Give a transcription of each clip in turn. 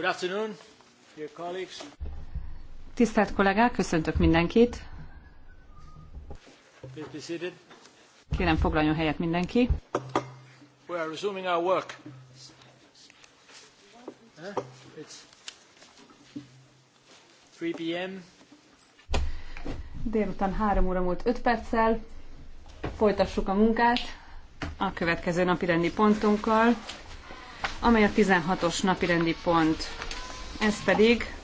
Good afternoon, dear colleagues. Tisztelt kollégák, köszöntök mindenkit. Kérem foglaljon helyet mindenki. We are resuming our work. It's 3 p.m. Délután 3 óra múlt 5 perccel. Folytassuk a munkát a következő napi rendi pontunkkal amely a 16-os napirendi pont. Ez pedig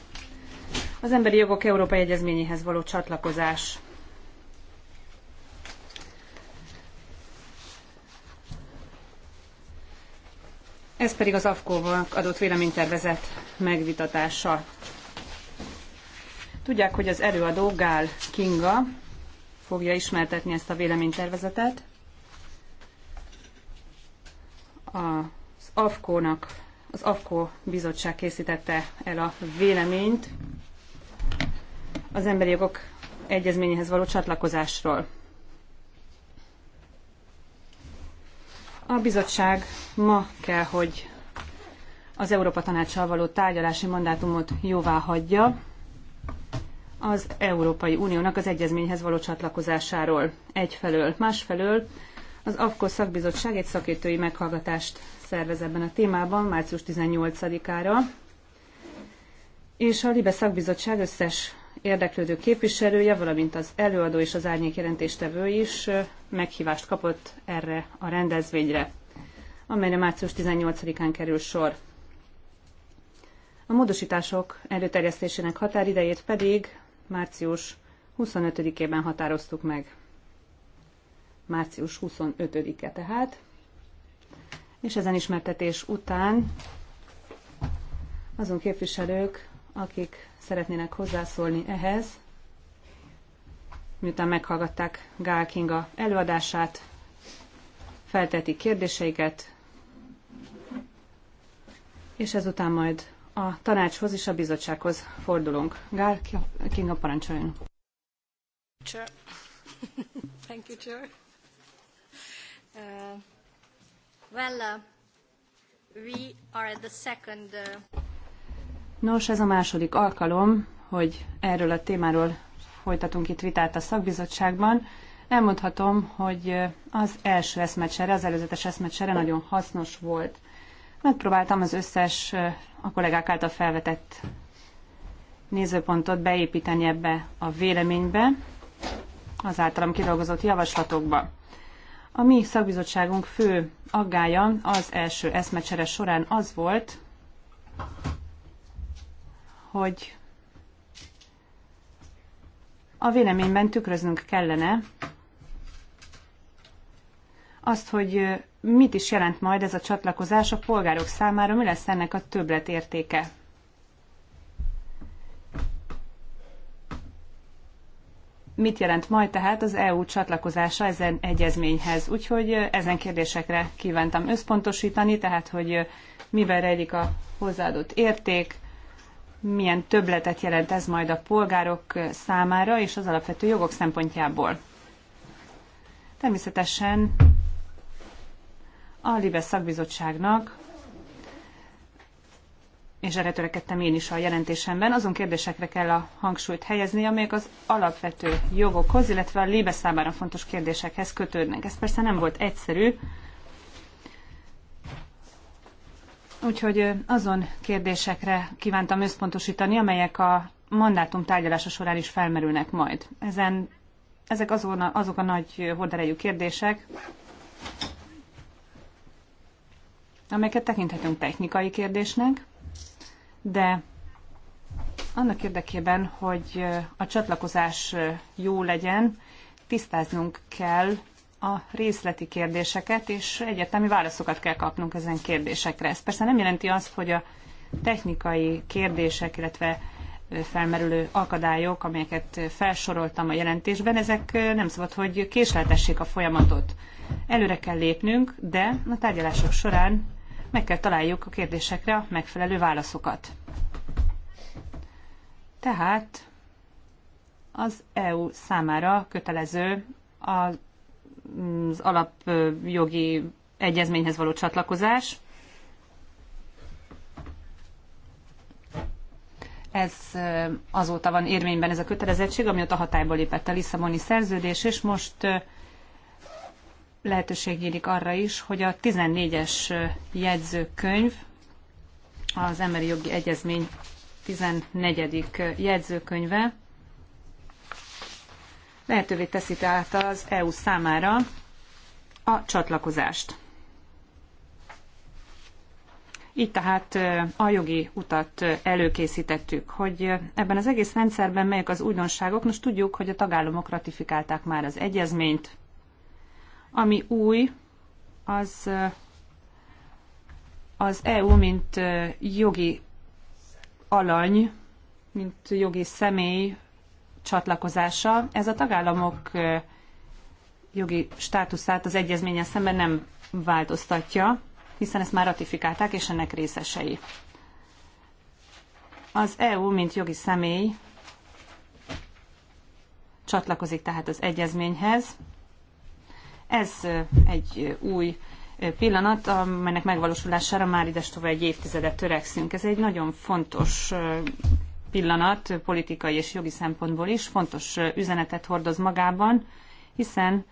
az Emberi Jogok Európai Egyezményéhez való csatlakozás. Ez pedig az AFKO-val adott véleménytervezet megvitatása. Tudják, hogy az előadó Gál Kinga fogja ismertetni ezt a véleménytervezetet. A AFKO-nak, az AFKO bizottság készítette el a véleményt az emberi jogok egyezményéhez való csatlakozásról. A bizottság ma kell, hogy az Európa Tanácssal való tárgyalási mandátumot jóvá hagyja az Európai Uniónak az egyezményhez való csatlakozásáról egyfelől, másfelől az AFKO szakbizottság egy szakértői meghallgatást szervez ebben a témában március 18-ára, és a Libe szakbizottság összes érdeklődő képviselője, valamint az előadó és az árnyék jelentéstevő is meghívást kapott erre a rendezvényre, amelyre március 18-án kerül sor. A módosítások előterjesztésének határidejét pedig március 25-ében határoztuk meg. Március 25-e tehát és ezen ismertetés után azon képviselők, akik szeretnének hozzászólni ehhez, miután meghallgatták Gál Kinga előadását, felteti kérdéseiket, és ezután majd a tanácshoz és a bizottsághoz fordulunk. Gál Kinga parancsoljon. Thank you, Chair. Uh... Well, uh, we are at the second, uh... Nos, ez a második alkalom, hogy erről a témáról folytatunk itt vitát a szakbizottságban. Elmondhatom, hogy uh, az első eszmecsere, az előzetes eszmecsere nagyon hasznos volt. Megpróbáltam az összes uh, a kollégák által felvetett nézőpontot beépíteni ebbe a véleménybe, az általam kidolgozott javaslatokba. A mi szakbizottságunk fő aggája az első eszmecsere során az volt, hogy a véleményben tükröznünk kellene azt, hogy mit is jelent majd ez a csatlakozás a polgárok számára, mi lesz ennek a többletértéke. mit jelent majd tehát az EU csatlakozása ezen egyezményhez. Úgyhogy ezen kérdésekre kívántam összpontosítani, tehát hogy mivel rejlik a hozzáadott érték, milyen többletet jelent ez majd a polgárok számára és az alapvető jogok szempontjából. Természetesen a Libes szakbizottságnak és erre törekedtem én is a jelentésemben, azon kérdésekre kell a hangsúlyt helyezni, amelyek az alapvető jogokhoz, illetve a lébe számára fontos kérdésekhez kötődnek. Ez persze nem volt egyszerű, úgyhogy azon kérdésekre kívántam összpontosítani, amelyek a mandátum tárgyalása során is felmerülnek majd. Ezen, ezek azon, azok a nagy horderejű kérdések, amelyeket tekinthetünk technikai kérdésnek, de annak érdekében, hogy a csatlakozás jó legyen, tisztáznunk kell a részleti kérdéseket, és egyetemi válaszokat kell kapnunk ezen kérdésekre. Ez persze nem jelenti azt, hogy a technikai kérdések, illetve felmerülő akadályok, amelyeket felsoroltam a jelentésben, ezek nem szabad, hogy késleltessék a folyamatot. Előre kell lépnünk, de a tárgyalások során meg kell találjuk a kérdésekre a megfelelő válaszokat. Tehát az EU számára kötelező az alapjogi egyezményhez való csatlakozás. Ez azóta van érvényben ez a kötelezettség, amióta hatályba lépett a Lisszaboni szerződés, és most lehetőség nyílik arra is, hogy a 14-es jegyzőkönyv, az Emberi Jogi Egyezmény 14. jegyzőkönyve lehetővé teszi tehát az EU számára a csatlakozást. Így tehát a jogi utat előkészítettük, hogy ebben az egész rendszerben melyek az újdonságok. Most tudjuk, hogy a tagállamok ratifikálták már az egyezményt, ami új, az az EU, mint jogi alany, mint jogi személy csatlakozása, ez a tagállamok jogi státuszát az egyezménye szemben nem változtatja, hiszen ezt már ratifikálták, és ennek részesei. Az EU, mint jogi személy csatlakozik tehát az egyezményhez, ez egy új pillanat, amelynek megvalósulására már ides tovább egy évtizedet törekszünk. Ez egy nagyon fontos pillanat politikai és jogi szempontból is, fontos üzenetet hordoz magában, hiszen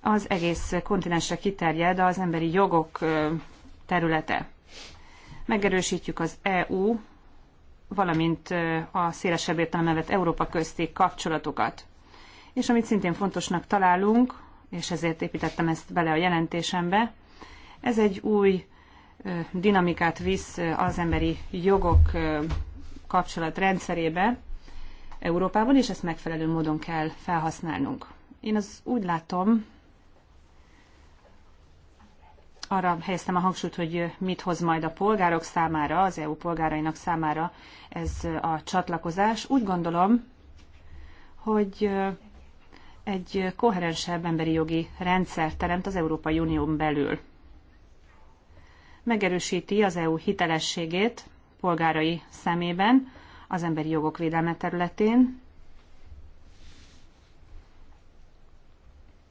az egész kontinensre kiterjed az emberi jogok területe. Megerősítjük az EU, valamint a szélesebb értelemben vett Európa közti kapcsolatokat. És amit szintén fontosnak találunk, és ezért építettem ezt bele a jelentésembe. Ez egy új dinamikát visz az emberi jogok kapcsolatrendszerébe Európában, és ezt megfelelő módon kell felhasználnunk. Én az úgy látom, arra helyeztem a hangsúlyt, hogy mit hoz majd a polgárok számára, az EU polgárainak számára ez a csatlakozás. Úgy gondolom, hogy egy koherensebb emberi jogi rendszer teremt az Európai Unión belül. Megerősíti az EU hitelességét polgárai szemében az emberi jogok védelme területén,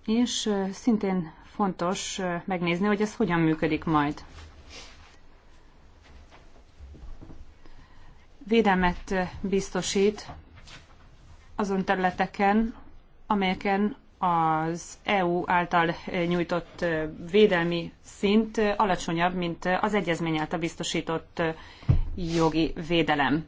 és szintén fontos megnézni, hogy ez hogyan működik majd. Védelmet biztosít azon területeken, amelyeken az EU által eh, nyújtott eh, védelmi szint eh, alacsonyabb, mint az egyezmény által biztosított jogi védelem.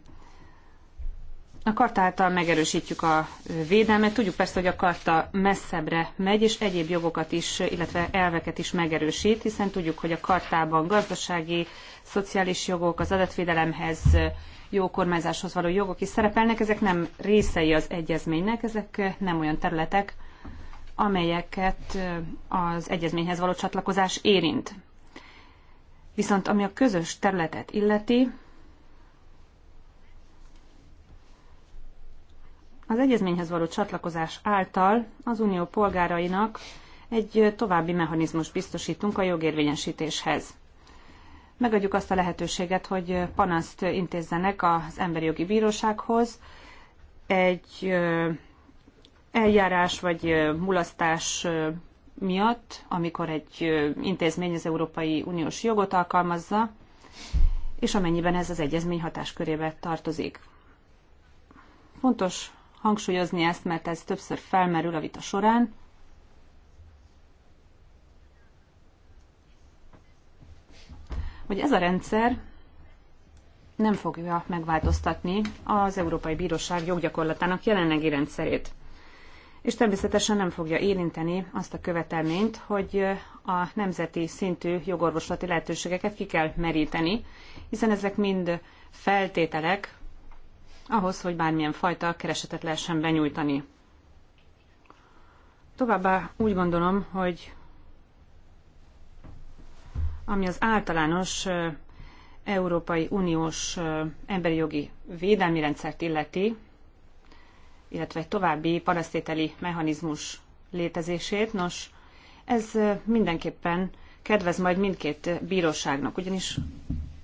A karta által megerősítjük a védelmet. Tudjuk persze, hogy a karta messzebbre megy, és egyéb jogokat is, illetve elveket is megerősít, hiszen tudjuk, hogy a kartában gazdasági, szociális jogok, az adatvédelemhez jó kormányzáshoz való jogok is szerepelnek, ezek nem részei az egyezménynek, ezek eh, nem olyan területek, amelyeket eh, az egyezményhez való csatlakozás érint. Viszont ami a közös területet illeti, az egyezményhez való csatlakozás által az unió polgárainak egy eh, további mechanizmus biztosítunk a jogérvényesítéshez megadjuk azt a lehetőséget, hogy panaszt intézzenek az Emberi Jogi Bírósághoz. Egy eljárás vagy mulasztás miatt, amikor egy intézmény az Európai Uniós jogot alkalmazza, és amennyiben ez az egyezmény hatáskörébe tartozik. Fontos hangsúlyozni ezt, mert ez többször felmerül a vita során, hogy ez a rendszer nem fogja megváltoztatni az Európai Bíróság joggyakorlatának jelenlegi rendszerét. És természetesen nem fogja érinteni azt a követelményt, hogy a nemzeti szintű jogorvoslati lehetőségeket ki kell meríteni, hiszen ezek mind feltételek ahhoz, hogy bármilyen fajta keresetet lehessen benyújtani. Továbbá úgy gondolom, hogy ami az általános Európai Uniós emberi jogi védelmi rendszert illeti, illetve egy további parasztételi mechanizmus létezését. Nos, ez mindenképpen kedvez majd mindkét bíróságnak, ugyanis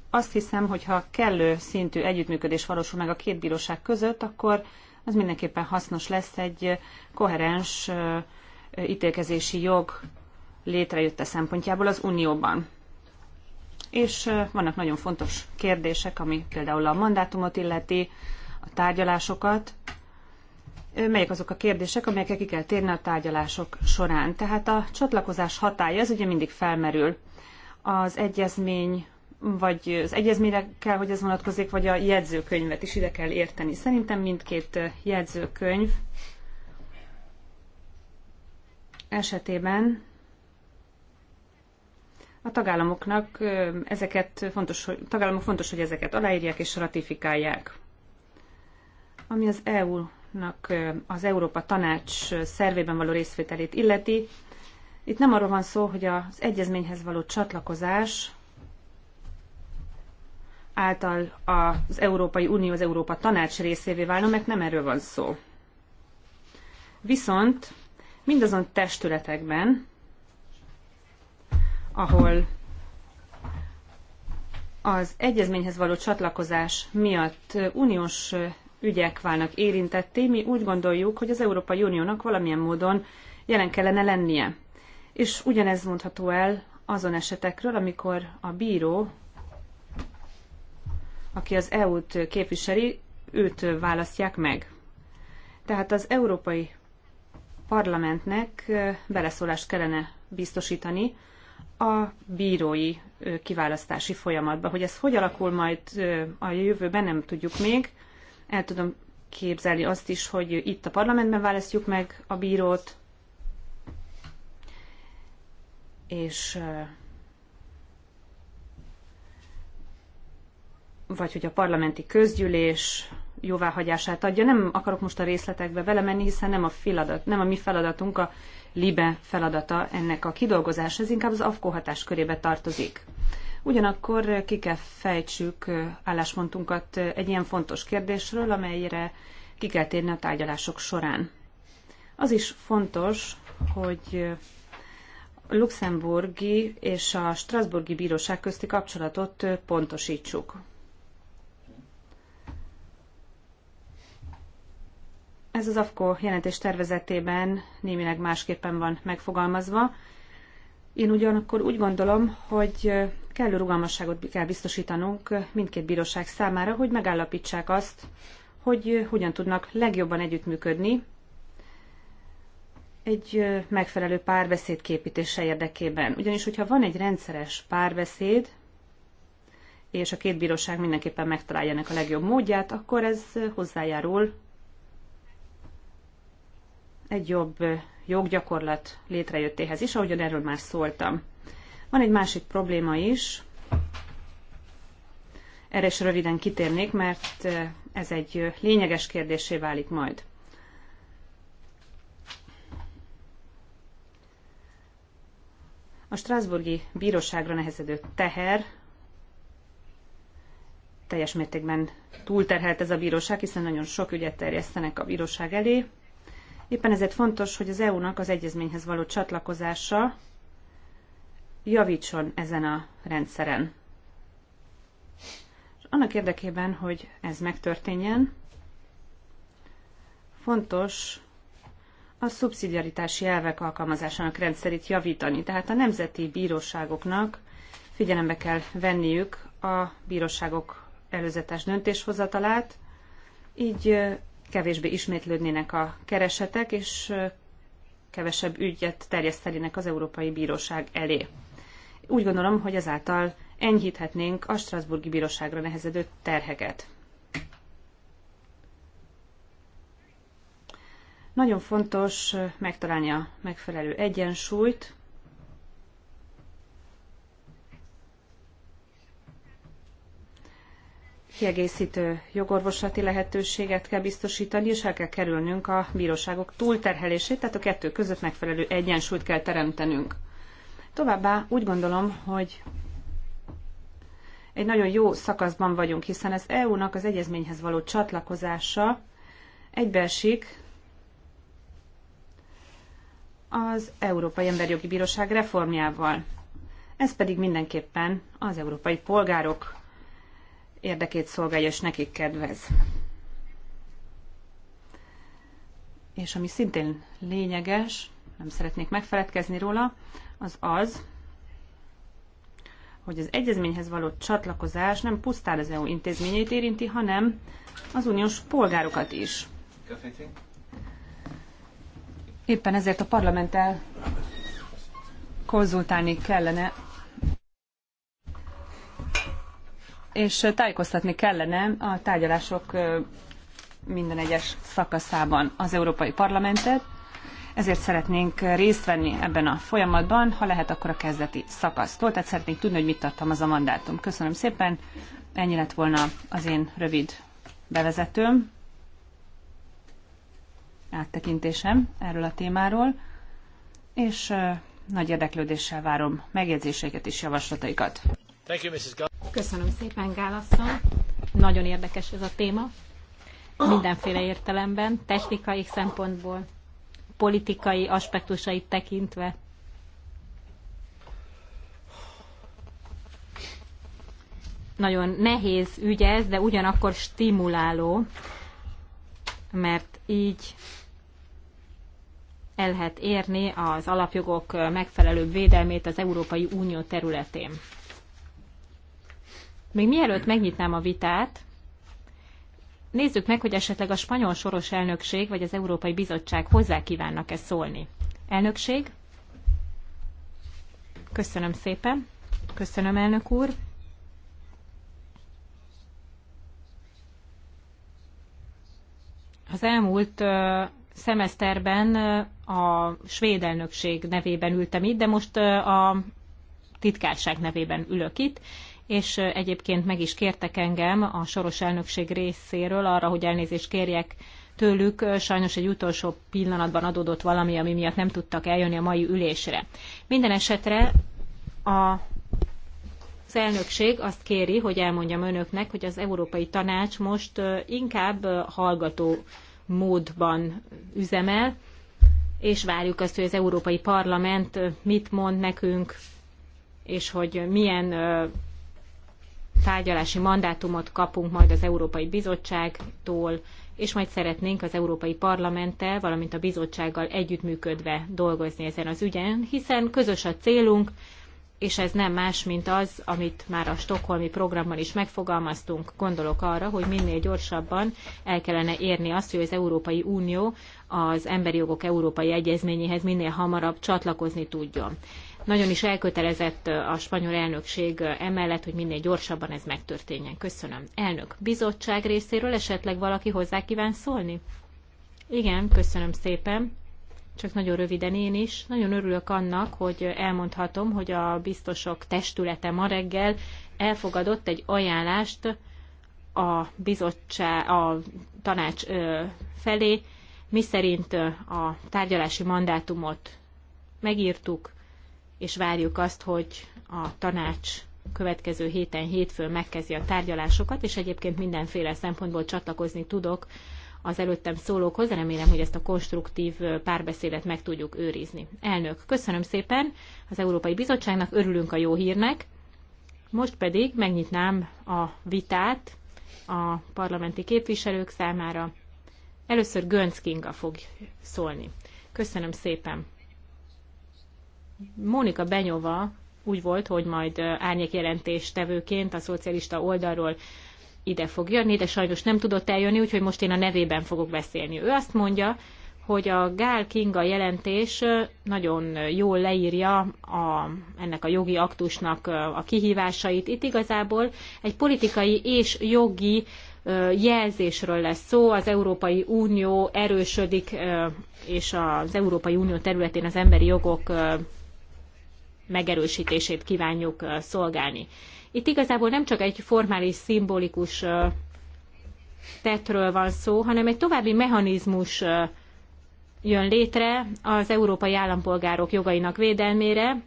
azt hiszem, hogy ha kellő szintű együttműködés valósul meg a két bíróság között, akkor az mindenképpen hasznos lesz egy koherens ítélkezési jog létrejötte szempontjából az Unióban és vannak nagyon fontos kérdések, ami például a mandátumot illeti, a tárgyalásokat, melyek azok a kérdések, amelyekre ki kell térni a tárgyalások során. Tehát a csatlakozás hatája, ez ugye mindig felmerül. Az egyezmény, vagy az egyezményre kell, hogy ez vonatkozik, vagy a jegyzőkönyvet is ide kell érteni. Szerintem mindkét jegyzőkönyv esetében a tagállamoknak ezeket fontos, hogy, tagállamok fontos, hogy ezeket aláírják és ratifikálják. Ami az EU-nak az Európa Tanács szervében való részvételét illeti, itt nem arról van szó, hogy az egyezményhez való csatlakozás által az Európai Unió, az Európa Tanács részévé válna, mert nem erről van szó. Viszont mindazon testületekben, ahol az egyezményhez való csatlakozás miatt uniós ügyek válnak érintetté, mi úgy gondoljuk, hogy az Európai Uniónak valamilyen módon jelen kellene lennie. És ugyanez mondható el azon esetekről, amikor a bíró, aki az EU-t képviseli, őt választják meg. Tehát az Európai Parlamentnek beleszólást kellene biztosítani a bírói kiválasztási folyamatba. Hogy ez hogy alakul majd a jövőben, nem tudjuk még. El tudom képzelni azt is, hogy itt a parlamentben választjuk meg a bírót, és vagy hogy a parlamenti közgyűlés jóváhagyását adja. Nem akarok most a részletekbe velemenni, hiszen nem a, feladat, nem a mi feladatunk a LIBE feladata ennek a kidolgozása, ez inkább az AFKO hatás körébe tartozik. Ugyanakkor ki kell fejtsük álláspontunkat egy ilyen fontos kérdésről, amelyre ki kell térni a tárgyalások során. Az is fontos, hogy luxemburgi és a strasburgi bíróság közti kapcsolatot pontosítsuk. Ez az AFKO jelentés tervezetében némileg másképpen van megfogalmazva. Én ugyanakkor úgy gondolom, hogy kellő rugalmasságot kell biztosítanunk mindkét bíróság számára, hogy megállapítsák azt, hogy hogyan tudnak legjobban együttműködni egy megfelelő párbeszéd képítése érdekében. Ugyanis, hogyha van egy rendszeres párbeszéd, és a két bíróság mindenképpen megtalálja ennek a legjobb módját, akkor ez hozzájárul egy jobb joggyakorlat létrejöttéhez is, ahogyan erről már szóltam. Van egy másik probléma is, erre is röviden kitérnék, mert eh, ez egy eh, lényeges kérdésé válik majd. A Strasburgi Bíróságra nehezedő teher teljes mértékben túlterhelt ez a bíróság, hiszen nagyon sok ügyet terjesztenek a bíróság elé, Éppen ezért fontos, hogy az EU-nak az egyezményhez való csatlakozása javítson ezen a rendszeren. És annak érdekében, hogy ez megtörténjen, fontos a szubszidiaritási elvek alkalmazásának rendszerét javítani. Tehát a nemzeti bíróságoknak figyelembe kell venniük a bíróságok előzetes döntéshozatalát, így kevésbé ismétlődnének a keresetek, és kevesebb ügyet terjesztenének az Európai Bíróság elé. Úgy gondolom, hogy ezáltal enyhíthetnénk a Strasburgi Bíróságra nehezedő terheket. Nagyon fontos megtalálni a megfelelő egyensúlyt kiegészítő jogorvoslati lehetőséget kell biztosítani, és el kell kerülnünk a bíróságok túlterhelését, tehát a kettő között megfelelő egyensúlyt kell teremtenünk. Továbbá úgy gondolom, hogy egy nagyon jó szakaszban vagyunk, hiszen az EU-nak az egyezményhez való csatlakozása egybeesik az Európai Emberjogi Bíróság reformjával. Ez pedig mindenképpen az európai polgárok érdekét szolgálja, és nekik kedvez. És ami szintén lényeges, nem szeretnék megfeledkezni róla, az az, hogy az egyezményhez való csatlakozás nem pusztán az EU intézményeit érinti, hanem az uniós polgárokat is. Éppen ezért a parlamenttel konzultálni kellene és tájékoztatni kellene a tárgyalások minden egyes szakaszában az Európai Parlamentet, ezért szeretnénk részt venni ebben a folyamatban, ha lehet, akkor a kezdeti szakasztól, tehát szeretnénk tudni, hogy mit tartalmaz a mandátum. Köszönöm szépen, ennyi lett volna az én rövid bevezetőm, áttekintésem erről a témáról, és nagy érdeklődéssel várom megjegyzéseiket és javaslataikat. Köszönöm szépen, Gálasszony. Nagyon érdekes ez a téma. Mindenféle értelemben, technikai szempontból, politikai aspektusait tekintve. Nagyon nehéz ügy ez, de ugyanakkor stimuláló, mert így el lehet érni az alapjogok megfelelő védelmét az Európai Unió területén. Még mielőtt megnyitnám a vitát, nézzük meg, hogy esetleg a spanyol soros elnökség vagy az Európai Bizottság hozzá kívánnak-e szólni. Elnökség? Köszönöm szépen. Köszönöm, elnök úr. Az elmúlt szemeszterben a svéd elnökség nevében ültem itt, de most a titkárság nevében ülök itt, és egyébként meg is kértek engem a soros elnökség részéről arra, hogy elnézést kérjek tőlük, sajnos egy utolsó pillanatban adódott valami, ami miatt nem tudtak eljönni a mai ülésre. Minden esetre a az elnökség azt kéri, hogy elmondjam önöknek, hogy az Európai Tanács most inkább hallgató módban üzemel, és várjuk azt, hogy az Európai Parlament mit mond nekünk, és hogy milyen tárgyalási mandátumot kapunk majd az Európai Bizottságtól, és majd szeretnénk az Európai Parlamenttel, valamint a bizottsággal együttműködve dolgozni ezen az ügyen, hiszen közös a célunk, és ez nem más, mint az, amit már a stokholmi programban is megfogalmaztunk. Gondolok arra, hogy minél gyorsabban el kellene érni azt, hogy az Európai Unió az Emberi Jogok Európai Egyezményéhez minél hamarabb csatlakozni tudjon nagyon is elkötelezett a spanyol elnökség emellett, hogy minél gyorsabban ez megtörténjen. Köszönöm. Elnök, bizottság részéről esetleg valaki hozzá kíván szólni? Igen, köszönöm szépen. Csak nagyon röviden én is. Nagyon örülök annak, hogy elmondhatom, hogy a biztosok testülete ma reggel elfogadott egy ajánlást a, bizottság, a tanács felé, miszerint a tárgyalási mandátumot megírtuk, és várjuk azt, hogy a tanács következő héten hétfőn megkezdi a tárgyalásokat, és egyébként mindenféle szempontból csatlakozni tudok az előttem szólókhoz, remélem, hogy ezt a konstruktív párbeszédet meg tudjuk őrizni. Elnök, köszönöm szépen az Európai Bizottságnak, örülünk a jó hírnek. Most pedig megnyitnám a vitát a parlamenti képviselők számára. Először Gönc Kinga fog szólni. Köszönöm szépen! Mónika Benyova úgy volt, hogy majd tevőként a szocialista oldalról ide fog jönni, de sajnos nem tudott eljönni, úgyhogy most én a nevében fogok beszélni. Ő azt mondja, hogy a Gál Kinga jelentés nagyon jól leírja a, ennek a jogi aktusnak a kihívásait. Itt igazából egy politikai és jogi jelzésről lesz szó. Az Európai Unió erősödik, és az Európai Unió területén az emberi jogok megerősítését kívánjuk szolgálni. Itt igazából nem csak egy formális, szimbolikus tettről van szó, hanem egy további mechanizmus jön létre az európai állampolgárok jogainak védelmére,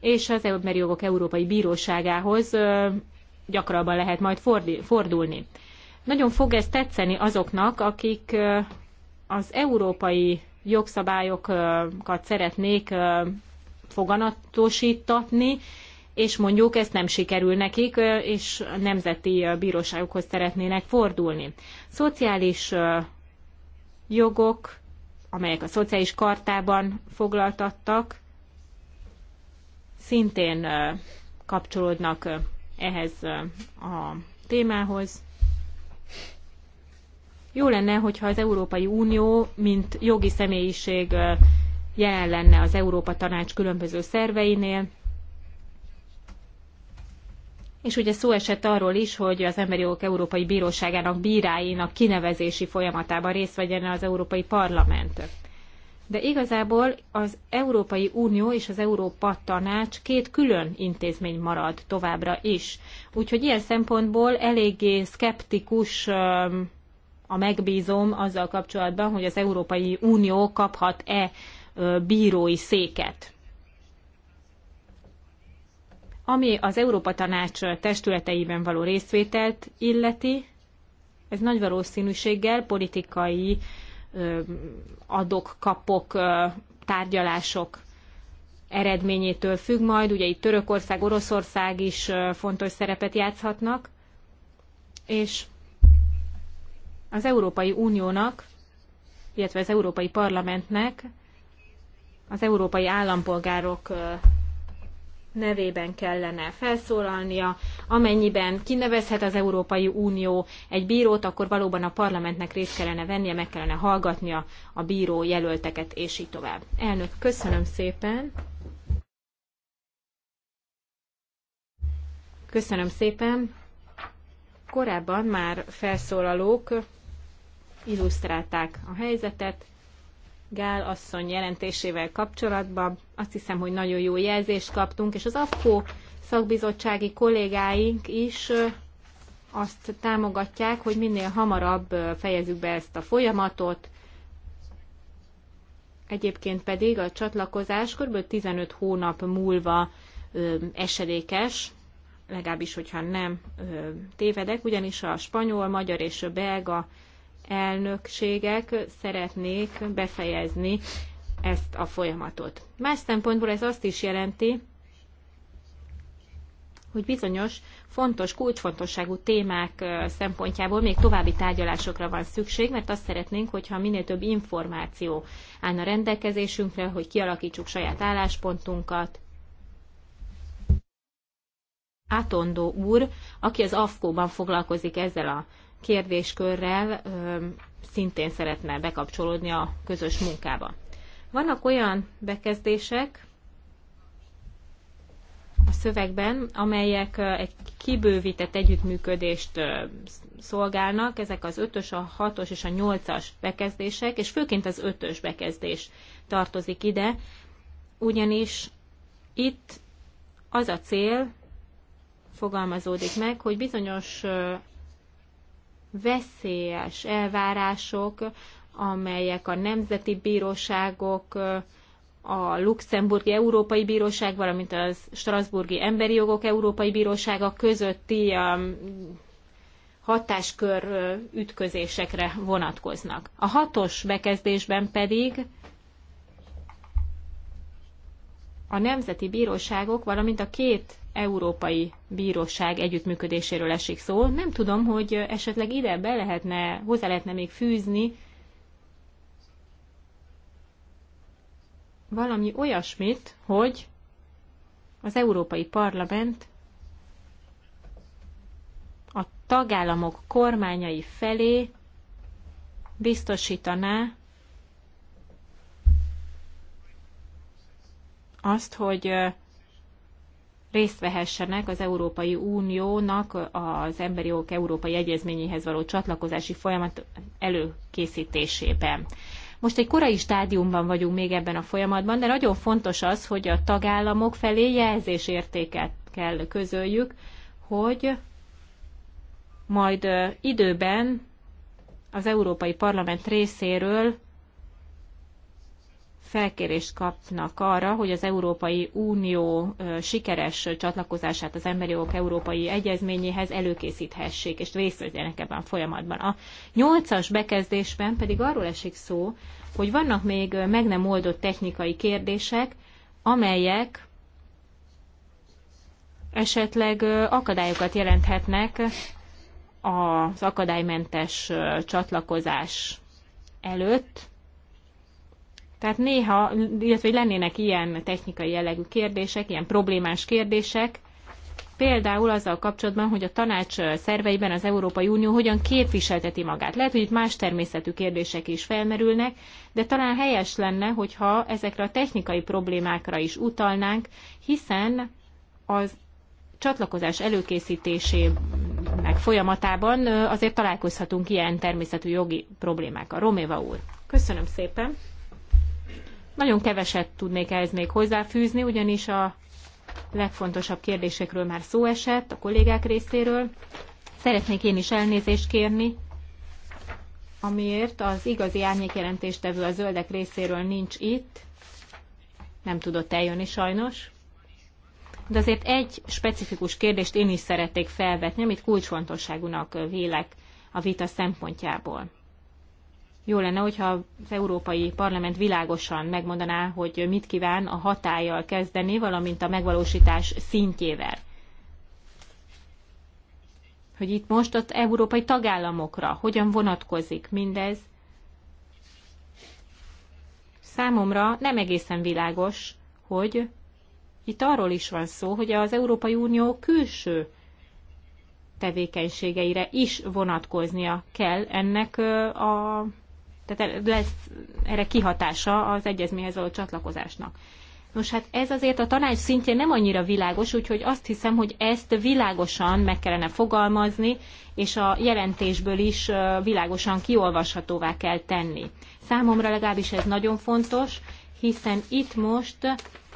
és az emberi jogok Európai Bíróságához gyakrabban lehet majd fordulni. Nagyon fog ez tetszeni azoknak, akik az európai jogszabályokat szeretnék foganatosítatni, és mondjuk ezt nem sikerül nekik, és a nemzeti bíróságokhoz szeretnének fordulni. Szociális jogok, amelyek a szociális kartában foglaltattak, szintén kapcsolódnak ehhez a témához. Jó lenne, hogyha az Európai Unió, mint jogi személyiség jelen lenne az Európa Tanács különböző szerveinél. És ugye szó esett arról is, hogy az Emberi Jogok Európai Bíróságának bíráinak kinevezési folyamatában részt vegyen az Európai Parlament. De igazából az Európai Unió és az Európa Tanács két külön intézmény marad továbbra is. Úgyhogy ilyen szempontból eléggé szkeptikus a megbízom azzal kapcsolatban, hogy az Európai Unió kaphat-e bírói széket. Ami az Európa Tanács testületeiben való részvételt illeti, ez nagy valószínűséggel politikai adok-kapok tárgyalások eredményétől függ majd, ugye itt Törökország, Oroszország is fontos szerepet játszhatnak, és az Európai Uniónak, illetve az Európai Parlamentnek az európai állampolgárok nevében kellene felszólalnia. Amennyiben kinevezhet az Európai Unió egy bírót, akkor valóban a parlamentnek részt kellene vennie, meg kellene hallgatnia a bíró jelölteket, és így tovább. Elnök, köszönöm szépen! Köszönöm szépen! Korábban már felszólalók illusztrálták a helyzetet. Gál asszony jelentésével kapcsolatban. Azt hiszem, hogy nagyon jó jelzést kaptunk, és az AFKO szakbizottsági kollégáink is azt támogatják, hogy minél hamarabb fejezzük be ezt a folyamatot. Egyébként pedig a csatlakozás kb. 15 hónap múlva esedékes, legalábbis, hogyha nem tévedek, ugyanis a spanyol, magyar és belga elnökségek szeretnék befejezni ezt a folyamatot. Más szempontból ez azt is jelenti, hogy bizonyos fontos, kulcsfontosságú témák szempontjából még további tárgyalásokra van szükség, mert azt szeretnénk, hogyha minél több információ állna rendelkezésünkre, hogy kialakítsuk saját álláspontunkat. Átondó úr, aki az AFKO-ban foglalkozik ezzel a kérdéskörrel szintén szeretne bekapcsolódni a közös munkába. Vannak olyan bekezdések a szövegben, amelyek egy kibővített együttműködést szolgálnak, ezek az ötös, a hatos és a nyolcas bekezdések, és főként az ötös bekezdés tartozik ide, ugyanis itt az a cél fogalmazódik meg, hogy bizonyos veszélyes elvárások, amelyek a nemzeti bíróságok, a Luxemburgi Európai Bíróság, valamint a Strasburgi Emberi Jogok Európai Bírósága közötti um, hatáskör ütközésekre vonatkoznak. A hatos bekezdésben pedig a nemzeti bíróságok, valamint a két Európai Bíróság együttműködéséről esik szó. Nem tudom, hogy esetleg ide be lehetne, hozzá lehetne még fűzni valami olyasmit, hogy az Európai Parlament a tagállamok kormányai felé biztosítaná azt, hogy részt vehessenek az Európai Uniónak az Emberi Jogok Európai Egyezményéhez való csatlakozási folyamat előkészítésében. Most egy korai stádiumban vagyunk még ebben a folyamatban, de nagyon fontos az, hogy a tagállamok felé jelzésértéket kell közöljük, hogy majd időben az Európai Parlament részéről felkérést kapnak arra, hogy az Európai Unió sikeres csatlakozását az Emberi Jogok Európai Egyezményéhez előkészíthessék, és részt vegyenek ebben a folyamatban. A nyolcas bekezdésben pedig arról esik szó, hogy vannak még meg nem oldott technikai kérdések, amelyek esetleg akadályokat jelenthetnek az akadálymentes csatlakozás előtt, tehát néha, illetve hogy lennének ilyen technikai jellegű kérdések, ilyen problémás kérdések, például azzal kapcsolatban, hogy a tanács szerveiben az Európai Unió hogyan képviselteti magát. Lehet, hogy itt más természetű kérdések is felmerülnek, de talán helyes lenne, hogyha ezekre a technikai problémákra is utalnánk, hiszen az csatlakozás előkészítésének folyamatában azért találkozhatunk ilyen természetű jogi problémákkal. Roméva úr, köszönöm szépen! Nagyon keveset tudnék ehhez még hozzáfűzni, ugyanis a legfontosabb kérdésekről már szó esett a kollégák részéről. Szeretnék én is elnézést kérni, amiért az igazi árnyékjelentéstevő a zöldek részéről nincs itt. Nem tudott eljönni sajnos. De azért egy specifikus kérdést én is szeretnék felvetni, amit kulcsfontosságúnak vélek a vita szempontjából jó lenne, hogyha az Európai Parlament világosan megmondaná, hogy mit kíván a hatállyal kezdeni, valamint a megvalósítás szintjével. Hogy itt most az európai tagállamokra hogyan vonatkozik mindez, számomra nem egészen világos, hogy itt arról is van szó, hogy az Európai Unió külső tevékenységeire is vonatkoznia kell ennek a tehát lesz erre kihatása az egyezményhez való csatlakozásnak. Nos, hát ez azért a tanács szintjén nem annyira világos, úgyhogy azt hiszem, hogy ezt világosan meg kellene fogalmazni, és a jelentésből is világosan kiolvashatóvá kell tenni. Számomra legalábbis ez nagyon fontos, hiszen itt most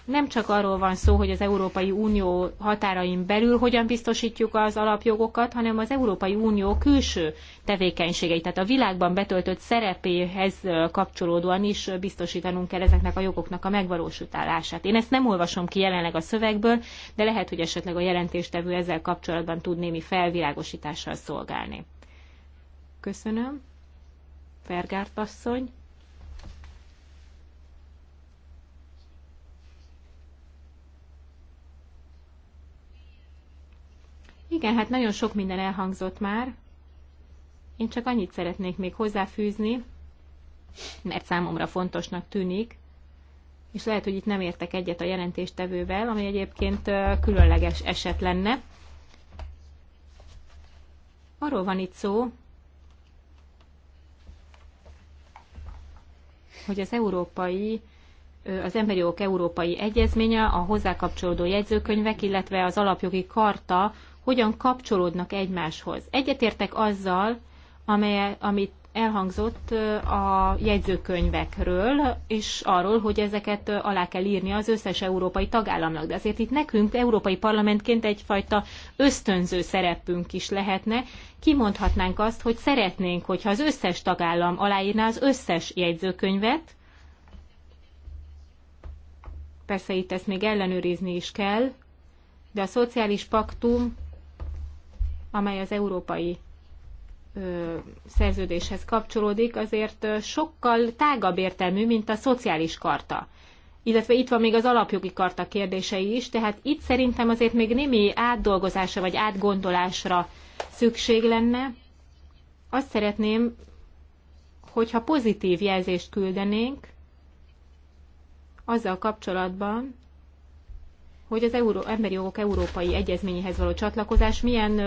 nem csak arról van szó, hogy az Európai Unió határain belül hogyan biztosítjuk az alapjogokat, hanem az Európai Unió külső tevékenységeit, tehát a világban betöltött szerepéhez kapcsolódóan is biztosítanunk kell ezeknek a jogoknak a megvalósítását. Én ezt nem olvasom ki jelenleg a szövegből, de lehet, hogy esetleg a jelentéstevő ezzel kapcsolatban tud némi felvilágosítással szolgálni. Köszönöm. Fergárt asszony. Igen, hát nagyon sok minden elhangzott már. Én csak annyit szeretnék még hozzáfűzni, mert számomra fontosnak tűnik, és lehet, hogy itt nem értek egyet a jelentéstevővel, ami egyébként különleges eset lenne. Arról van itt szó, hogy az európai az Emberi Jogok Európai Egyezménye, a hozzákapcsolódó jegyzőkönyvek, illetve az alapjogi karta hogyan kapcsolódnak egymáshoz. Egyetértek azzal, amely, amit elhangzott a jegyzőkönyvekről, és arról, hogy ezeket alá kell írni az összes európai tagállamnak. De azért itt nekünk, európai parlamentként egyfajta ösztönző szerepünk is lehetne. Kimondhatnánk azt, hogy szeretnénk, hogyha az összes tagállam aláírná az összes jegyzőkönyvet, persze itt ezt még ellenőrizni is kell, de a szociális paktum amely az európai ö, szerződéshez kapcsolódik, azért sokkal tágabb értelmű, mint a szociális karta. Illetve itt van még az alapjogi karta kérdései is, tehát itt szerintem azért még némi átdolgozásra vagy átgondolásra szükség lenne. Azt szeretném, hogyha pozitív jelzést küldenénk azzal kapcsolatban, hogy az Euró- emberi jogok európai egyezményéhez való csatlakozás milyen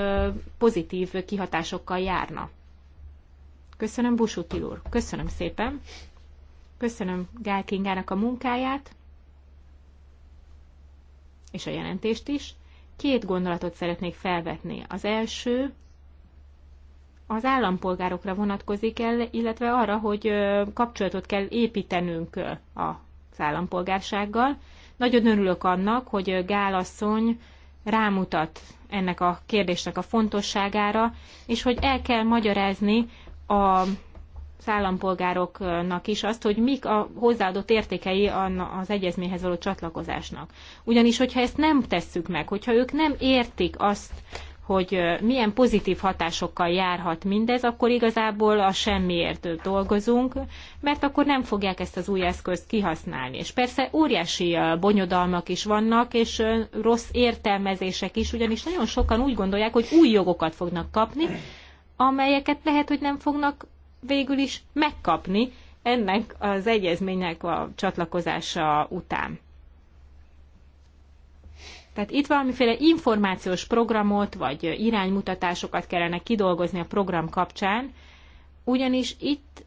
pozitív kihatásokkal járna. Köszönöm Busutil úr, köszönöm szépen, köszönöm Gál Kingának a munkáját, és a jelentést is. Két gondolatot szeretnék felvetni. Az első az állampolgárokra vonatkozik el, illetve arra, hogy kapcsolatot kell építenünk az állampolgársággal, nagyon örülök annak, hogy asszony rámutat ennek a kérdésnek a fontosságára, és hogy el kell magyarázni a az állampolgároknak is azt, hogy mik a hozzáadott értékei az egyezményhez való csatlakozásnak. Ugyanis, hogyha ezt nem tesszük meg, hogyha ők nem értik azt, hogy milyen pozitív hatásokkal járhat mindez, akkor igazából a semmiért dolgozunk, mert akkor nem fogják ezt az új eszközt kihasználni. És persze óriási bonyodalmak is vannak, és rossz értelmezések is, ugyanis nagyon sokan úgy gondolják, hogy új jogokat fognak kapni, amelyeket lehet, hogy nem fognak végül is megkapni ennek az egyezménynek a csatlakozása után. Tehát itt valamiféle információs programot vagy iránymutatásokat kellene kidolgozni a program kapcsán, ugyanis itt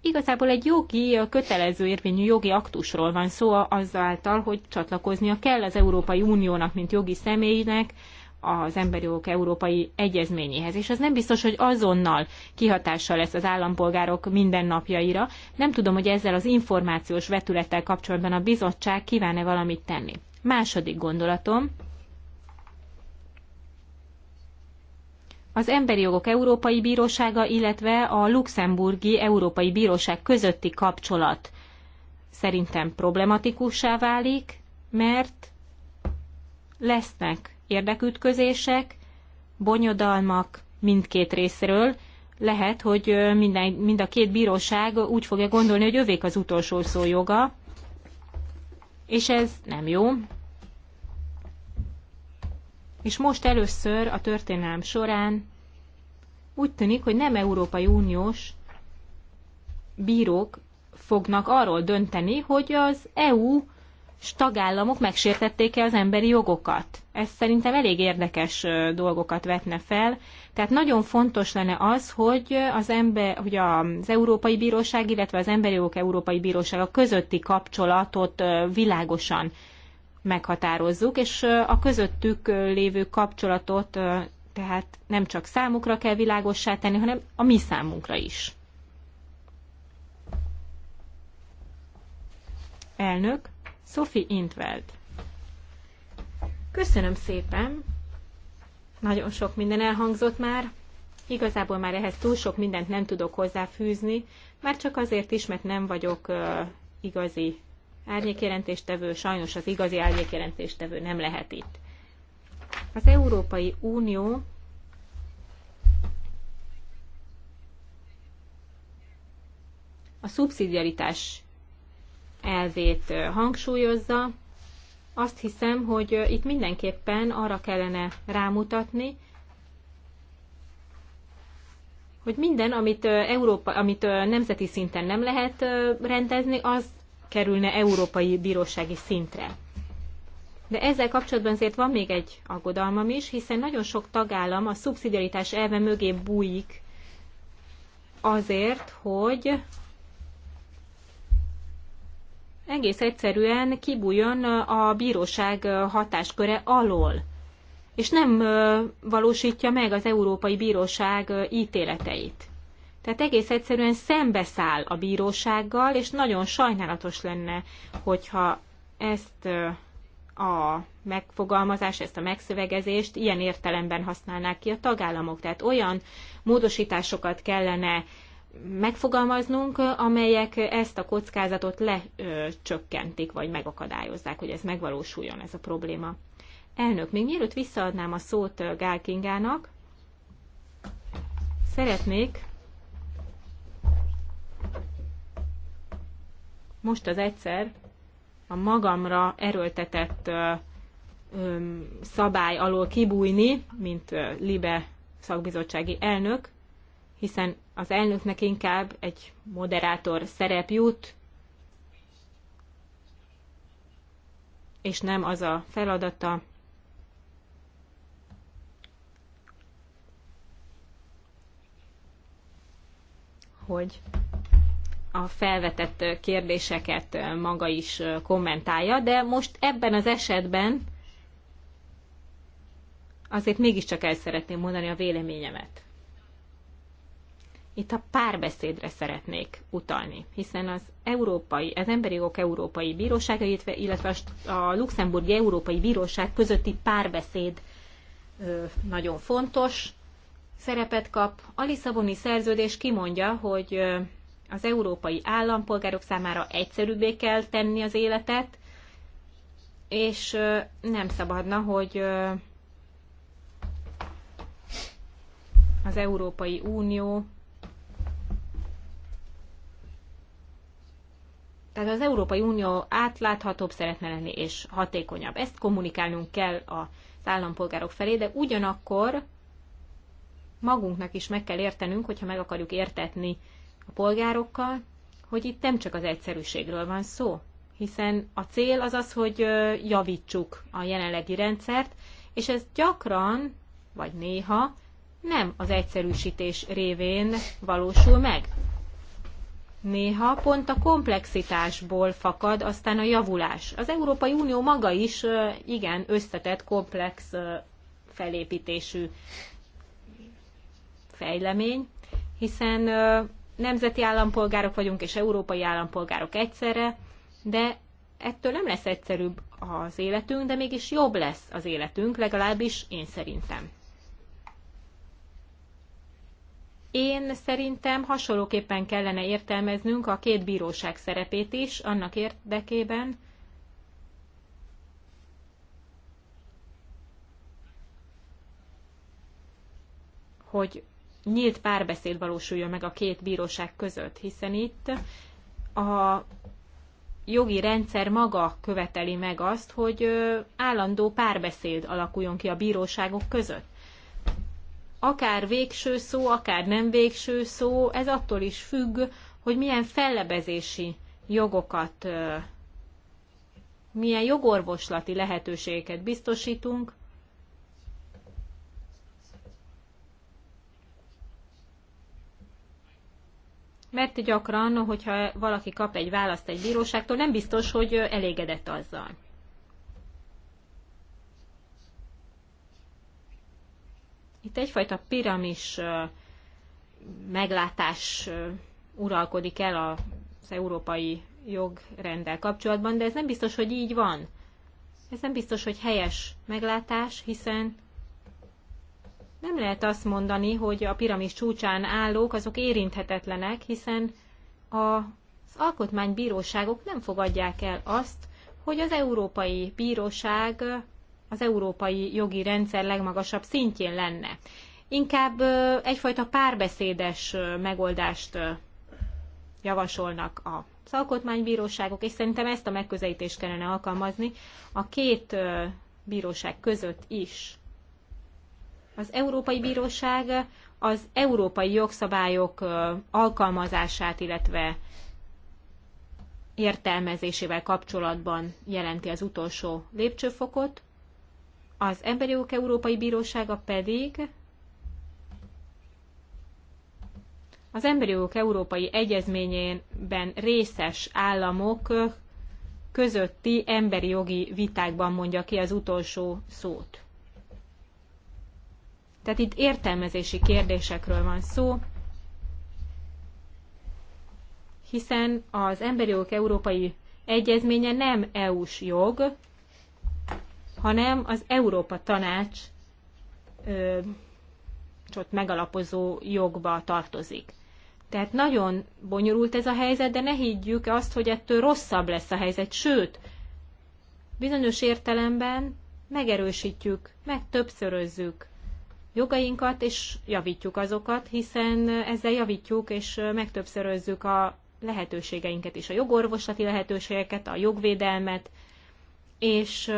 igazából egy jogi, kötelező érvényű jogi aktusról van szó azáltal, hogy csatlakoznia kell az Európai Uniónak, mint jogi személynek, az Emberi Jogok Európai Egyezményéhez, és az nem biztos, hogy azonnal kihatással lesz az állampolgárok mindennapjaira. Nem tudom, hogy ezzel az információs vetülettel kapcsolatban a bizottság kíván-e valamit tenni. Második gondolatom, az Emberi Jogok Európai Bírósága, illetve a Luxemburgi Európai Bíróság közötti kapcsolat szerintem problematikussá válik, mert lesznek érdekütközések, bonyodalmak mindkét részről. Lehet, hogy minden, mind a két bíróság úgy fogja gondolni, hogy övék az utolsó szó joga, és ez nem jó. És most először a történelem során úgy tűnik, hogy nem Európai Uniós bírók fognak arról dönteni, hogy az EU és tagállamok megsértették-e az emberi jogokat. Ez szerintem elég érdekes dolgokat vetne fel. Tehát nagyon fontos lenne az, hogy az, ember, hogy az Európai Bíróság, illetve az Emberi Jogok Európai Bírósága közötti kapcsolatot világosan meghatározzuk, és a közöttük lévő kapcsolatot tehát nem csak számukra kell világossá tenni, hanem a mi számunkra is. Elnök. Sophie Intveld. Köszönöm szépen. Nagyon sok minden elhangzott már. Igazából már ehhez túl sok mindent nem tudok hozzáfűzni, már csak azért is, mert nem vagyok uh, igazi árnyékjelentéstevő, sajnos az igazi árnyékjelentéstevő nem lehet itt. Az Európai Unió a szubszidiaritás elvét hangsúlyozza. Azt hiszem, hogy itt mindenképpen arra kellene rámutatni, hogy minden, amit, Európa, amit nemzeti szinten nem lehet rendezni, az kerülne európai bírósági szintre. De ezzel kapcsolatban azért van még egy aggodalmam is, hiszen nagyon sok tagállam a szubszidiaritás elve mögé bújik azért, hogy egész egyszerűen kibújjon a bíróság hatásköre alól, és nem valósítja meg az Európai Bíróság ítéleteit. Tehát egész egyszerűen szembeszáll a bírósággal, és nagyon sajnálatos lenne, hogyha ezt a megfogalmazás, ezt a megszövegezést ilyen értelemben használnák ki a tagállamok. Tehát olyan módosításokat kellene megfogalmaznunk, amelyek ezt a kockázatot lecsökkentik, vagy megakadályozzák, hogy ez megvalósuljon ez a probléma. Elnök, még mielőtt visszaadnám a szót Gál Kingának, szeretnék most az egyszer a magamra erőltetett szabály alól kibújni, mint Libe szakbizottsági elnök, hiszen az elnöknek inkább egy moderátor szerep jut, és nem az a feladata, hogy a felvetett kérdéseket maga is kommentálja, de most ebben az esetben azért mégiscsak el szeretném mondani a véleményemet itt a párbeszédre szeretnék utalni, hiszen az, európai, az Emberi Jogok Európai Bírósága, illetve a Luxemburgi Európai Bíróság közötti párbeszéd nagyon fontos szerepet kap. A Lisszaboni szerződés kimondja, hogy az európai állampolgárok számára egyszerűbbé kell tenni az életet, és nem szabadna, hogy az Európai Unió tehát az Európai Unió átláthatóbb szeretne lenni és hatékonyabb. Ezt kommunikálnunk kell az állampolgárok felé, de ugyanakkor magunknak is meg kell értenünk, hogyha meg akarjuk értetni a polgárokkal, hogy itt nem csak az egyszerűségről van szó, hiszen a cél az az, hogy javítsuk a jelenlegi rendszert, és ez gyakran, vagy néha nem az egyszerűsítés révén valósul meg néha pont a komplexitásból fakad aztán a javulás. Az Európai Unió maga is igen összetett, komplex felépítésű fejlemény, hiszen nemzeti állampolgárok vagyunk és európai állampolgárok egyszerre, de ettől nem lesz egyszerűbb az életünk, de mégis jobb lesz az életünk, legalábbis én szerintem. Én szerintem hasonlóképpen kellene értelmeznünk a két bíróság szerepét is, annak érdekében, hogy nyílt párbeszéd valósuljon meg a két bíróság között, hiszen itt a jogi rendszer maga követeli meg azt, hogy állandó párbeszéd alakuljon ki a bíróságok között akár végső szó, akár nem végső szó, ez attól is függ, hogy milyen fellebezési jogokat, milyen jogorvoslati lehetőségeket biztosítunk. Mert gyakran, hogyha valaki kap egy választ egy bíróságtól, nem biztos, hogy elégedett azzal. Itt egyfajta piramis meglátás uralkodik el az európai jogrenddel kapcsolatban, de ez nem biztos, hogy így van. Ez nem biztos, hogy helyes meglátás, hiszen nem lehet azt mondani, hogy a piramis csúcsán állók azok érinthetetlenek, hiszen az alkotmánybíróságok nem fogadják el azt, hogy az Európai Bíróság az európai jogi rendszer legmagasabb szintjén lenne. Inkább egyfajta párbeszédes megoldást javasolnak a alkotmánybíróságok, és szerintem ezt a megközelítést kellene alkalmazni a két bíróság között is. Az Európai Bíróság az európai jogszabályok alkalmazását, illetve értelmezésével kapcsolatban jelenti az utolsó lépcsőfokot, az Emberi Jogok Európai Bírósága pedig az Emberi Jogok Európai Egyezményében részes államok közötti emberi jogi vitákban mondja ki az utolsó szót. Tehát itt értelmezési kérdésekről van szó, hiszen az Emberi Jogok Európai Egyezménye nem EU-s jog, hanem az Európa Tanács ö, csot megalapozó jogba tartozik. Tehát nagyon bonyolult ez a helyzet, de ne higgyük azt, hogy ettől rosszabb lesz a helyzet, sőt, bizonyos értelemben megerősítjük, megtöbbszörözzük jogainkat, és javítjuk azokat, hiszen ezzel javítjuk és megtöbbszörözzük a lehetőségeinket is, a jogorvoslati lehetőségeket, a jogvédelmet, és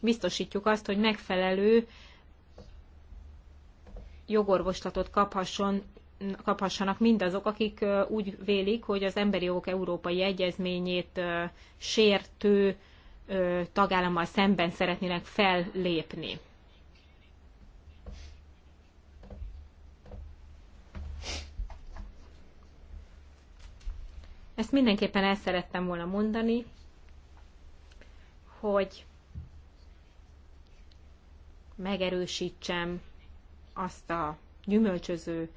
biztosítjuk azt, hogy megfelelő jogorvoslatot kaphasson, kaphassanak mindazok, akik úgy vélik, hogy az Emberi Jogok Európai Egyezményét sértő tagállammal szemben szeretnének fellépni. Ezt mindenképpen el szerettem volna mondani, hogy megerősítsem azt a gyümölcsöző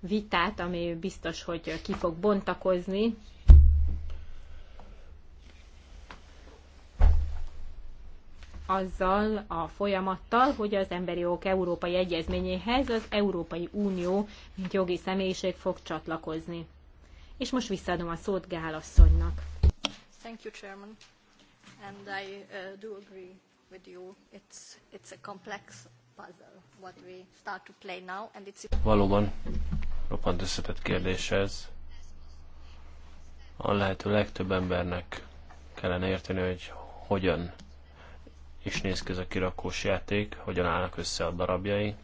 vitát, ami biztos, hogy ki fog bontakozni. azzal a folyamattal, hogy az Emberi Jogok Európai Egyezményéhez az Európai Unió, mint jogi személyiség fog csatlakozni. És most visszaadom a szót Gál asszonynak. Thank you, Chairman. And I uh, do agree with you. It's, it's a complex puzzle, what we start to play now, and it's... Valóban roppant összetett kérdés ez. A lehető legtöbb embernek kellene érteni, hogy hogyan is néz ki ez a kirakós játék, hogyan állnak össze a darabjai.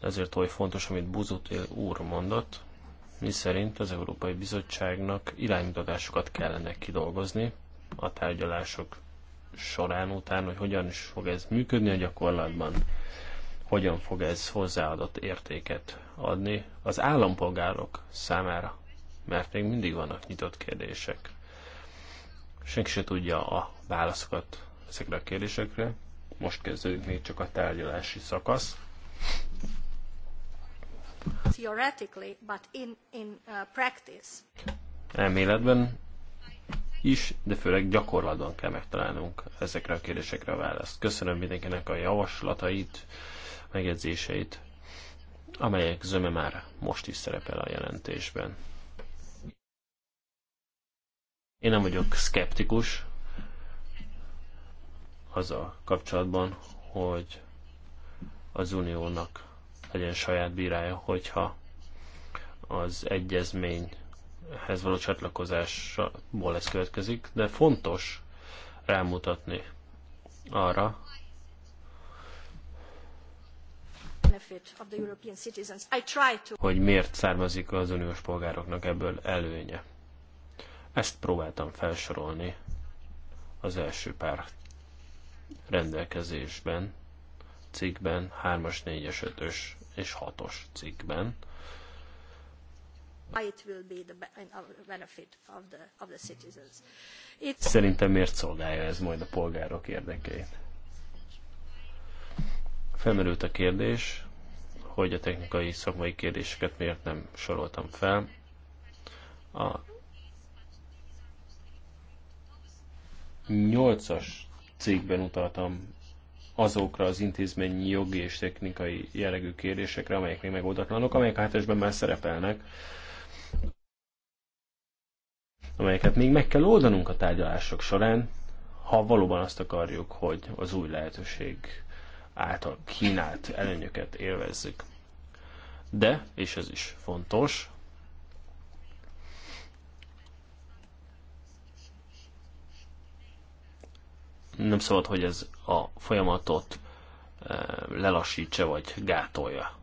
Ezért oly fontos, amit Buzutil úr mondott, mi szerint az Európai Bizottságnak iránymutatásokat kellene kidolgozni a tárgyalások során után, hogy hogyan is fog ez működni a gyakorlatban, hogyan fog ez hozzáadott értéket adni az állampolgárok számára, mert még mindig vannak nyitott kérdések. Senki se tudja a válaszokat ezekre a kérdésekre. Most kezdődik még csak a tárgyalási szakasz. Theoretically, but in, in uh, practice. Elméletben is, de főleg gyakorlatban kell megtalálnunk ezekre a kérdésekre a választ. Köszönöm mindenkinek a javaslatait, megjegyzéseit, amelyek zöme már most is szerepel a jelentésben. Én nem vagyok szkeptikus a kapcsolatban, hogy az uniónak legyen saját bírája, hogyha az egyezmény ez való csatlakozásból ez következik, de fontos rámutatni arra, hogy miért származik az uniós polgároknak ebből előnye. Ezt próbáltam felsorolni az első pár rendelkezésben, cikkben, 3-as, 4-es, 5-ös és 6-os cikkben. It will be the uh, benefit of the, of the citizens. Szerintem miért szolgálja ez majd a polgárok érdekeit? Felmerült a kérdés, hogy a technikai szakmai kérdéseket miért nem soroltam fel. A 8-as utaltam azokra az intézményi jogi és technikai jellegű kérdésekre, amelyek még megoldatlanok, amelyek a hátesben már szerepelnek amelyeket még meg kell oldanunk a tárgyalások során, ha valóban azt akarjuk, hogy az új lehetőség által kínált előnyöket élvezzük. De, és ez is fontos, nem szabad, hogy ez a folyamatot eh, lelassítsa vagy gátolja,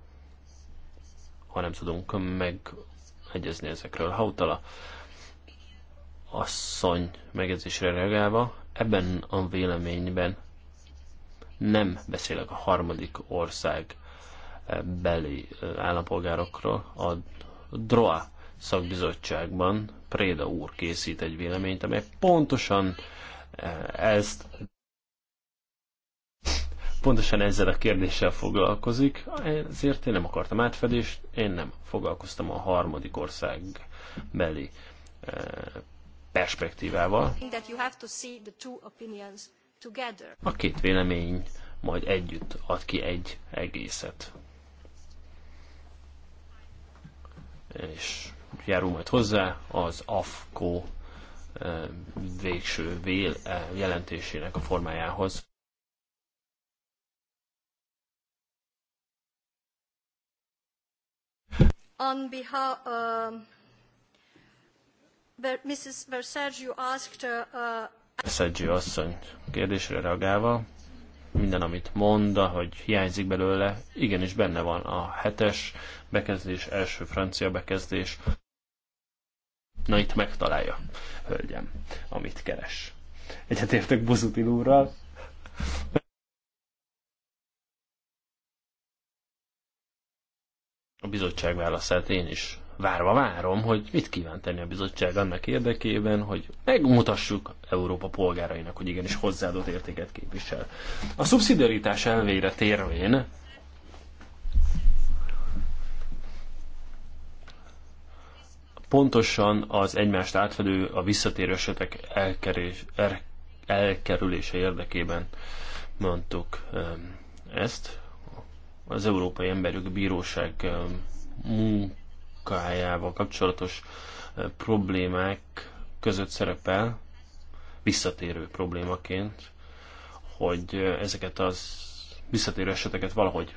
ha nem tudunk megegyezni ezekről. utala, asszony megjegyzésre reagálva, ebben a véleményben nem beszélek a harmadik ország eh, beli eh, állampolgárokról. A DROA szakbizottságban Préda úr készít egy véleményt, amely pontosan eh, ezt pontosan ezzel a kérdéssel foglalkozik, ezért én nem akartam átfedést, én nem foglalkoztam a harmadik ország beli perspektívával. A két vélemény majd együtt ad ki egy egészet. És járul majd hozzá az AFKO eh, végső vél eh, jelentésének a formájához. On behalf, uh... Um, Mrs. Versergio asked, uh, uh asszony kérdésre reagálva, minden, amit mond, hogy hiányzik belőle, igenis benne van a hetes bekezdés, első francia bekezdés. Na itt megtalálja, hölgyem, amit keres. Egyetértek Bozutil úrral. A bizottság válaszát én is várva várom, hogy mit kíván tenni a bizottság annak érdekében, hogy megmutassuk Európa polgárainak, hogy igenis hozzáadott értéket képvisel. A szubszidiaritás elvére térvén pontosan az egymást átfedő, a visszatérő esetek elkerés, er, elkerülése érdekében mondtuk um, ezt. Az Európai Emberjogi Bíróság um, munk munkájával kapcsolatos problémák között szerepel, visszatérő problémaként, hogy ezeket az visszatérő eseteket valahogy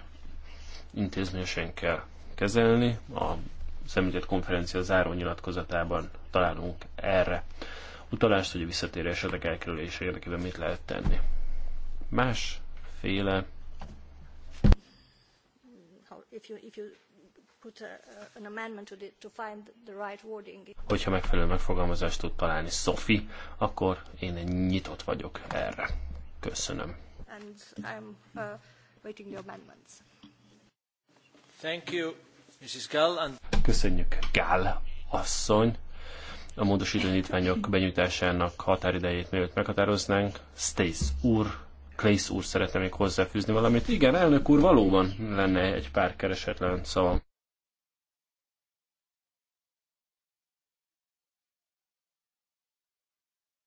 intézményesen kell kezelni. A említett konferencia záró nyilatkozatában találunk erre utalást, hogy a visszatérő esetek elkerülése érdekében mit lehet tenni. Másféle if you, if you put a, uh, an amendment to, the, to find the right wording. Hogyha megfelelő megfogalmazást tud találni Sophie, akkor én nyitott vagyok erre. Köszönöm. And I'm uh, waiting the amendments. Thank you, Mrs. Gall. And... Köszönjük, Gál asszony. A módosító benyújtásának határidejét mielőtt meghatároznánk, Stace úr Clay's úr szeretne még hozzáfűzni valamit. Igen, elnök úr, valóban lenne egy pár keresetlen szavam.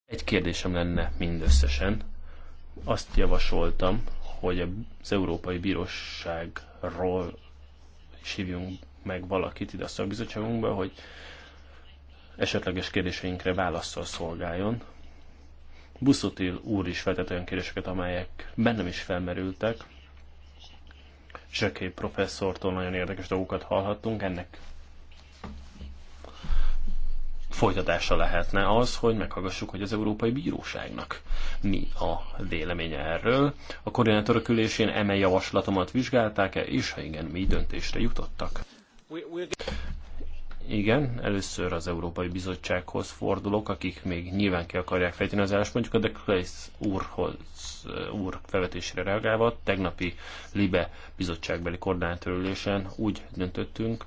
Egy kérdésem lenne mindösszesen. Azt javasoltam, hogy az Európai Bíróságról is hívjunk meg valakit ide a szakbizottságunkba, hogy esetleges kérdéseinkre válaszol szolgáljon. Buszotil úr is feltett olyan kérdéseket, amelyek bennem is felmerültek. Zseké professzortól nagyon érdekes dolgokat hallhattunk, ennek folytatása lehetne az, hogy meghallgassuk, hogy az Európai Bíróságnak mi a véleménye erről. A koordinátorok ülésén eme javaslatomat vizsgálták-e, és ha igen, mi döntésre jutottak? Igen, először az Európai Bizottsághoz fordulok, akik még nyilván ki akarják fejteni az álláspontjukat, de Kleisz úrhoz, úr felvetésére reagálva, tegnapi Libe bizottságbeli koordinátorülésen úgy döntöttünk,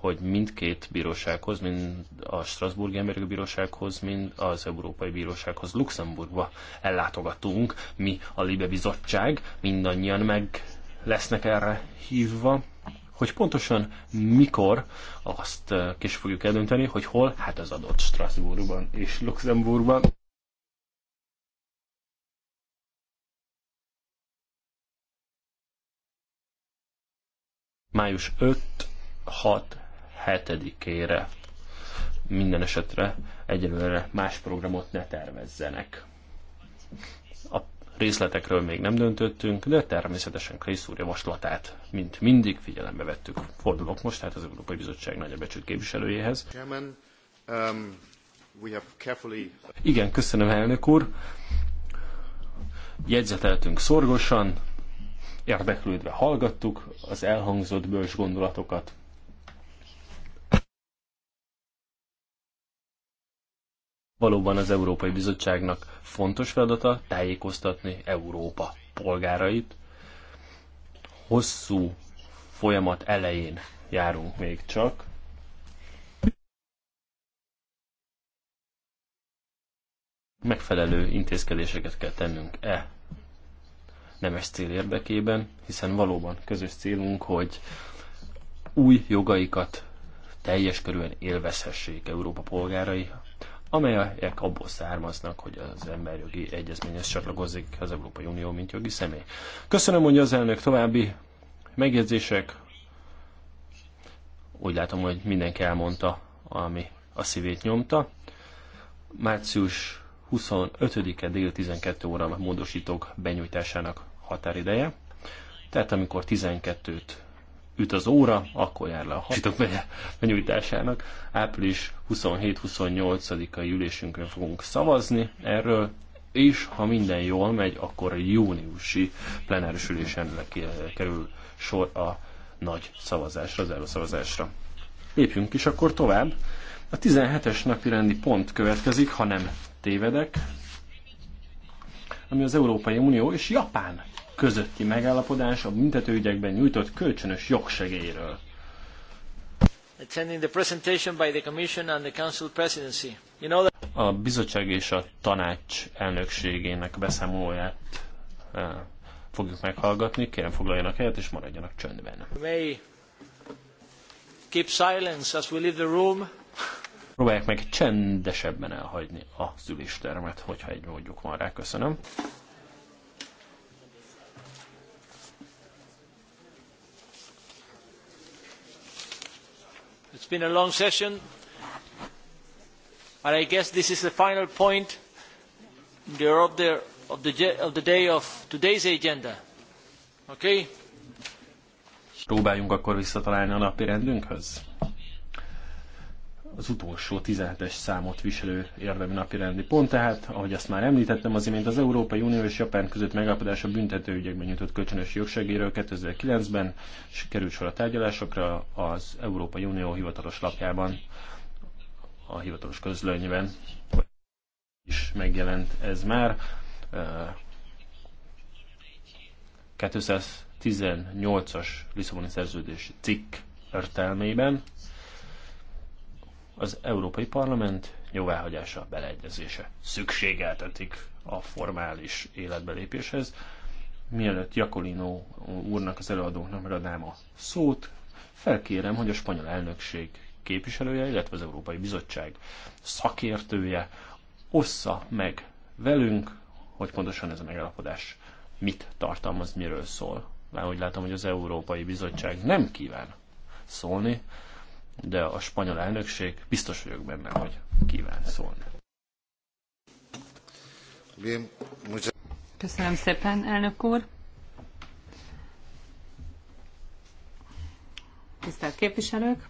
hogy mindkét bírósághoz, mind a Strasburgi Emberi Bírósághoz, mind az Európai Bírósághoz Luxemburgba ellátogatunk, mi a Libe Bizottság, mindannyian meg lesznek erre hívva, hogy pontosan mikor, azt eh, később fogjuk eldönteni, hogy hol, hát az adott Strasbourgban és Luxemburgban. Május 5, 6, 7-ére. Minden esetre egyelőre más programot ne tervezzenek. A részletekről még nem döntöttünk, de természetesen Krisz úr javaslatát, mint mindig figyelembe vettük. Fordulok most tehát az Európai Bizottság becsült képviselőjéhez. Chairman, um, Igen, köszönöm elnök úr. Jegyzeteltünk szorgosan, érdeklődve hallgattuk az elhangzott bős gondolatokat. Valóban az Európai Bizottságnak fontos feladata tájékoztatni Európa polgárait. Hosszú folyamat elején járunk még csak, megfelelő intézkedéseket kell tennünk e nemes cél érdekében, hiszen valóban közös célunk, hogy új jogaikat teljes körűen élvezhessék Európa polgárai, amelyek abból származnak, hogy az emberjogi egyezményhez csatlakozik az Európai Unió, mint jogi személy. Köszönöm, hogy az elnök további megjegyzések. Úgy látom, hogy mindenki elmondta, ami a szívét nyomta. Március 25-e dél 12 óra módosítók benyújtásának határideje. Tehát amikor 12-t üt az óra, akkor jár le a hatok benyújtásának. Április 27-28-ai ülésünkön fogunk szavazni erről, és ha minden jól megy, akkor a júniusi plenáris ülésen kerül sor a nagy szavazásra, az szavazásra. Lépjünk is akkor tovább. A 17-es napi rendi pont következik, ha nem tévedek, ami az Európai Unió és Japán közötti megállapodás a büntetőügyekben nyújtott kölcsönös jogsegélyről. A bizottság és a tanács elnökségének beszámolóját eh, fogjuk meghallgatni. Kérem foglaljanak helyet és maradjanak csöndben. Keep silence as we leave the room. Próbálják meg csendesebben elhagyni a szüléstermet, hogyha egy módjuk van rá. Köszönöm. been a long session, but I guess this is the final point of the, of the, of the day of today's agenda. Okay? Próbáljunk akkor visszatalálni a napi rendünkhöz az utolsó 17-es számot viselő érdemi napirendi pont, tehát, ahogy azt már említettem, az imént az Európai Unió és Japán között megállapodás a büntetőügyekben nyújtott kölcsönös jogsegéről 2009-ben, és került sor a tárgyalásokra az Európai Unió hivatalos lapjában, a hivatalos közlönyben is megjelent ez már. 218-as Lisszaboni szerződés cikk értelmében az Európai Parlament jóváhagyása, beleegyezése szükségeltetik a formális életbelépéshez. Mielőtt Jakolino úrnak, az előadónknak megadnám a szót, felkérem, hogy a spanyol elnökség képviselője, illetve az Európai Bizottság szakértője ossza meg velünk, hogy pontosan ez a megállapodás mit tartalmaz, miről szól. Már úgy látom, hogy az Európai Bizottság nem kíván szólni, de a spanyol elnökség biztos vagyok benne, hogy kíván szólni. Köszönöm szépen, elnök úr. Tisztelt képviselők!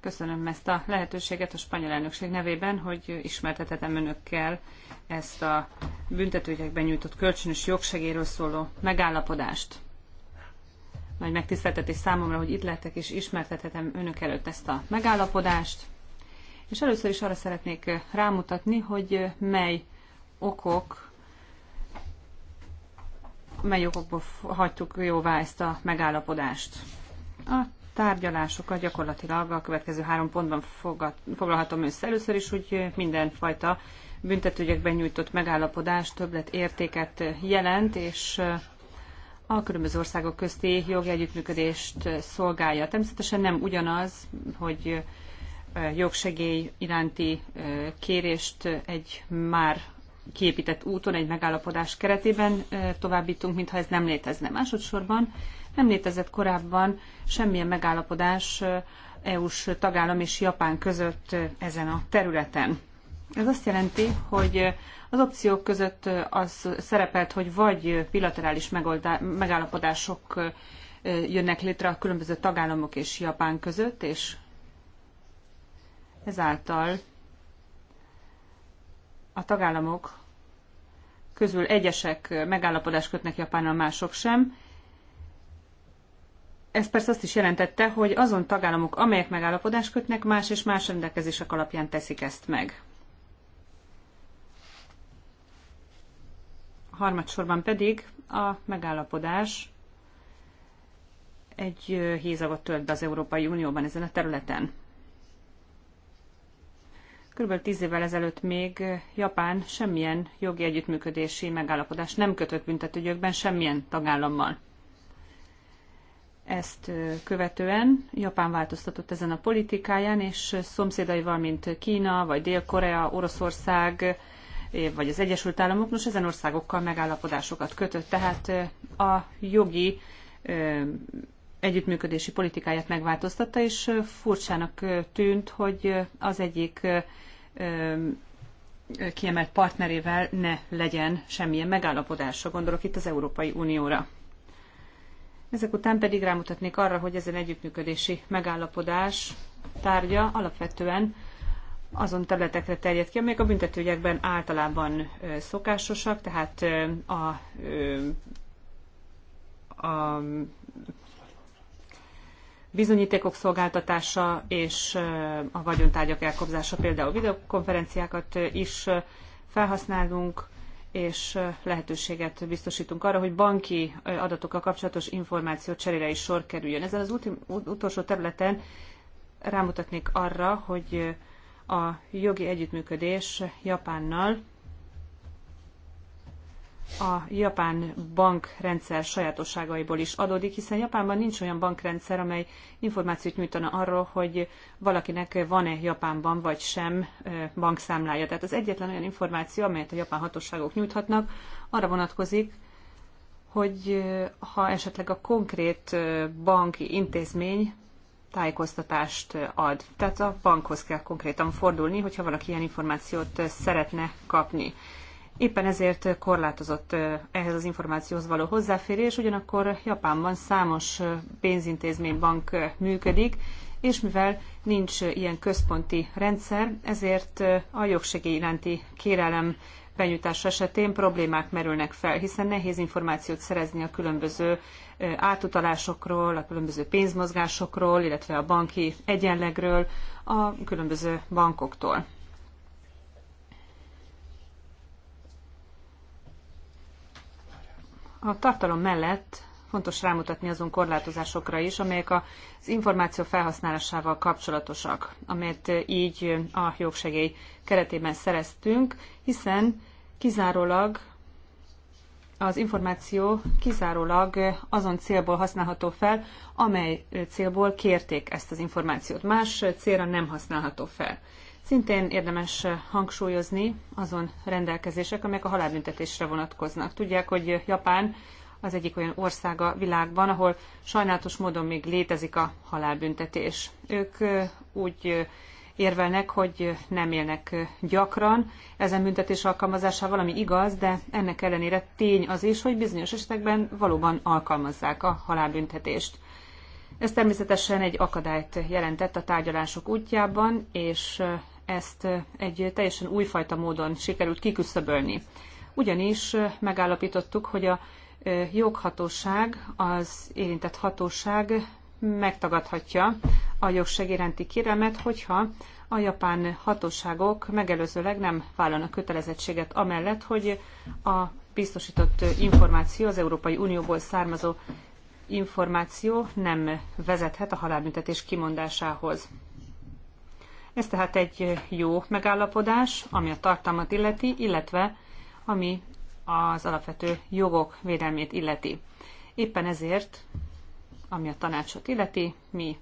Köszönöm ezt a lehetőséget a spanyol elnökség nevében, hogy ismertetetem önökkel ezt a büntetőgyekben nyújtott kölcsönös jogsegéről szóló megállapodást. Nagy megtiszteltetés számomra, hogy itt lettek és ismertethetem önök előtt ezt a megállapodást. És először is arra szeretnék rámutatni, hogy mely okok, mely okokból hagytuk jóvá ezt a megállapodást. A tárgyalásokat gyakorlatilag a következő három pontban foglalhatom össze. Először is, hogy mindenfajta büntetőgyekben nyújtott megállapodás többlet értéket jelent, és a különböző országok közti jogi együttműködést szolgálja. Természetesen nem ugyanaz, hogy jogsegély iránti kérést egy már kiépített úton, egy megállapodás keretében továbbítunk, mintha ez nem létezne. Másodszorban nem létezett korábban semmilyen megállapodás EU-s tagállam és Japán között ezen a területen. Ez azt jelenti, hogy az opciók között az szerepelt, hogy vagy bilaterális megoldá- megállapodások jönnek létre a különböző tagállamok és Japán között, és ezáltal a tagállamok közül egyesek megállapodást kötnek Japánnal, mások sem. Ez persze azt is jelentette, hogy azon tagállamok, amelyek megállapodást kötnek, más és más rendelkezések alapján teszik ezt meg. harmadsorban pedig a megállapodás egy hézagot tölt be az Európai Unióban ezen a területen. Körülbelül tíz évvel ezelőtt még Japán semmilyen jogi együttműködési megállapodás nem kötött büntetőgyökben semmilyen tagállammal. Ezt követően Japán változtatott ezen a politikáján, és szomszédaival, mint Kína, vagy Dél-Korea, Oroszország, vagy az Egyesült Államok, nos ezen országokkal megállapodásokat kötött, tehát a jogi együttműködési politikáját megváltoztatta, és furcsának tűnt, hogy az egyik kiemelt partnerével ne legyen semmilyen megállapodása, gondolok itt az Európai Unióra. Ezek után pedig rámutatnék arra, hogy ezen együttműködési megállapodás tárgya alapvetően azon területekre terjed ki, amelyek a büntetőgyekben általában szokásosak, tehát a, a bizonyítékok szolgáltatása és a vagyontárgyak elkobzása, például videokonferenciákat is felhasználunk, és lehetőséget biztosítunk arra, hogy banki adatokkal kapcsolatos információ cserére is sor kerüljön. Ezen az utolsó területen rámutatnék arra, hogy a jogi együttműködés Japánnal a japán bankrendszer sajátosságaiból is adódik, hiszen Japánban nincs olyan bankrendszer, amely információt nyújtana arról, hogy valakinek van-e Japánban vagy sem bankszámlája. Tehát az egyetlen olyan információ, amelyet a japán hatóságok nyújthatnak, arra vonatkozik, hogy ha esetleg a konkrét banki intézmény tájékoztatást ad. Tehát a bankhoz kell konkrétan fordulni, hogyha valaki ilyen információt szeretne kapni. Éppen ezért korlátozott eh, ehhez az információhoz való hozzáférés, ugyanakkor Japánban számos eh, pénzintézménybank eh, működik, és mivel nincs ilyen központi rendszer, ezért a jogsegély iránti kérelem benyújtása esetén problémák merülnek fel, hiszen nehéz információt szerezni a különböző átutalásokról, a különböző pénzmozgásokról, illetve a banki egyenlegről a különböző bankoktól. A tartalom mellett fontos rámutatni azon korlátozásokra is, amelyek az információ felhasználásával kapcsolatosak, amelyet így a jogsegély keretében szereztünk, hiszen kizárólag az információ kizárólag azon célból használható fel, amely célból kérték ezt az információt. Más célra nem használható fel. Szintén érdemes hangsúlyozni azon rendelkezések, amelyek a halálbüntetésre vonatkoznak. Tudják, hogy Japán az egyik olyan országa világban, ahol sajnálatos módon még létezik a halálbüntetés. Ők úgy érvelnek, hogy nem élnek gyakran ezen büntetés alkalmazásával, ami igaz, de ennek ellenére tény az is, hogy bizonyos esetekben valóban alkalmazzák a halálbüntetést. Ez természetesen egy akadályt jelentett a tárgyalások útjában, és ezt egy teljesen újfajta módon sikerült kiküszöbölni. Ugyanis megállapítottuk, hogy a joghatóság, az érintett hatóság megtagadhatja a jogség iránti kérelmet, hogyha a japán hatóságok megelőzőleg nem vállalnak kötelezettséget amellett, hogy a biztosított információ, az Európai Unióból származó információ nem vezethet a halálbüntetés kimondásához. Ez tehát egy jó megállapodás, ami a tartalmat illeti, illetve ami az alapvető jogok védelmét illeti. Éppen ezért ami a tanácsot illeti, mi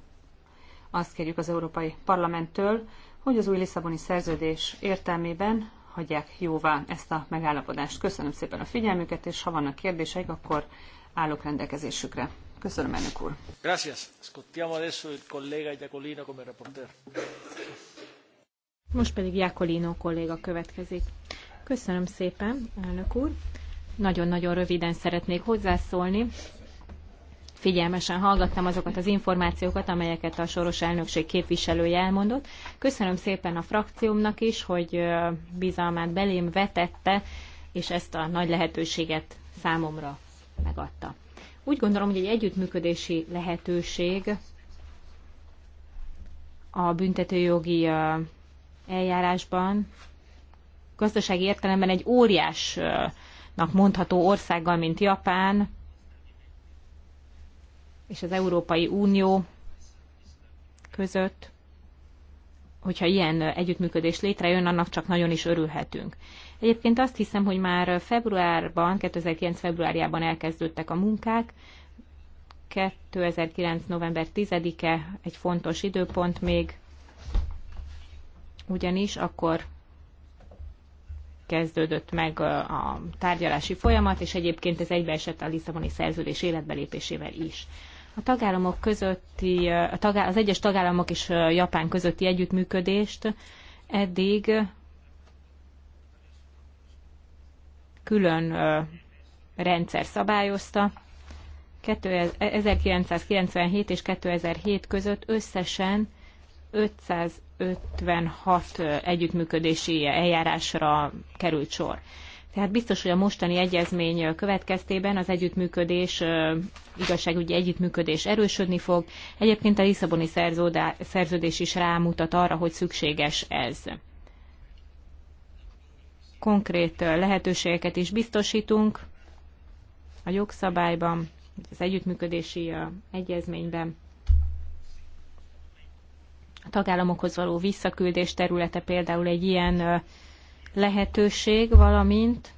azt kérjük az Európai Parlamenttől, hogy az új Lisszaboni szerződés értelmében hagyják jóvá ezt a megállapodást. Köszönöm szépen a figyelmüket, és ha vannak kérdéseik, akkor állok rendelkezésükre. Köszönöm, elnök úr. Gracias. adesso il collega Iacolino come reporter. Most pedig Iacolino kolléga következik. Köszönöm szépen, elnök úr. Nagyon-nagyon röviden szeretnék hozzászólni figyelmesen hallgattam azokat az információkat, amelyeket a soros elnökség képviselője elmondott. Köszönöm szépen a frakciómnak is, hogy bizalmát belém vetette, és ezt a nagy lehetőséget számomra megadta. Úgy gondolom, hogy egy együttműködési lehetőség a büntetőjogi eljárásban gazdasági értelemben egy óriásnak mondható országgal, mint Japán, és az Európai Unió között, hogyha ilyen együttműködés létrejön, annak csak nagyon is örülhetünk. Egyébként azt hiszem, hogy már februárban, 2009 februárjában elkezdődtek a munkák, 2009. november 10-e egy fontos időpont még, ugyanis akkor kezdődött meg a tárgyalási folyamat, és egyébként ez egybeesett a Lisszaboni szerződés életbelépésével is. A tagállamok közötti, a tagá- az egyes tagállamok és Japán közötti együttműködést eddig külön rendszer szabályozta. 1997 e- és 2007 között összesen 556 együttműködési eljárásra került sor. Tehát biztos, hogy a mostani egyezmény következtében az együttműködés, igazságügyi együttműködés erősödni fog. Egyébként a Lisszaboni szerződés is rámutat arra, hogy szükséges ez. Konkrét lehetőségeket is biztosítunk a jogszabályban, az együttműködési egyezményben. A tagállamokhoz való visszaküldés területe például egy ilyen lehetőség, valamint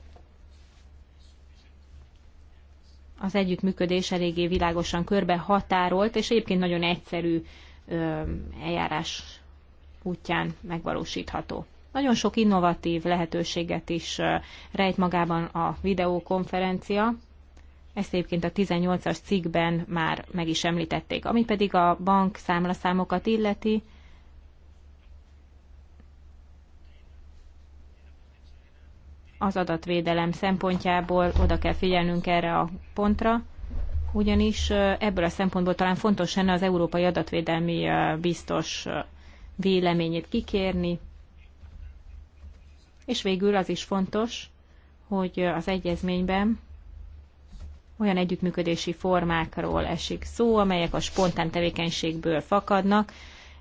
az együttműködés eléggé világosan körbe határolt, és egyébként nagyon egyszerű eljárás útján megvalósítható. Nagyon sok innovatív lehetőséget is rejt magában a videokonferencia. Ezt egyébként a 18-as cikkben már meg is említették. Ami pedig a bank számlaszámokat illeti, az adatvédelem szempontjából oda kell figyelnünk erre a pontra, ugyanis ebből a szempontból talán fontos lenne az Európai Adatvédelmi Biztos véleményét kikérni, és végül az is fontos, hogy az egyezményben olyan együttműködési formákról esik szó, amelyek a spontán tevékenységből fakadnak,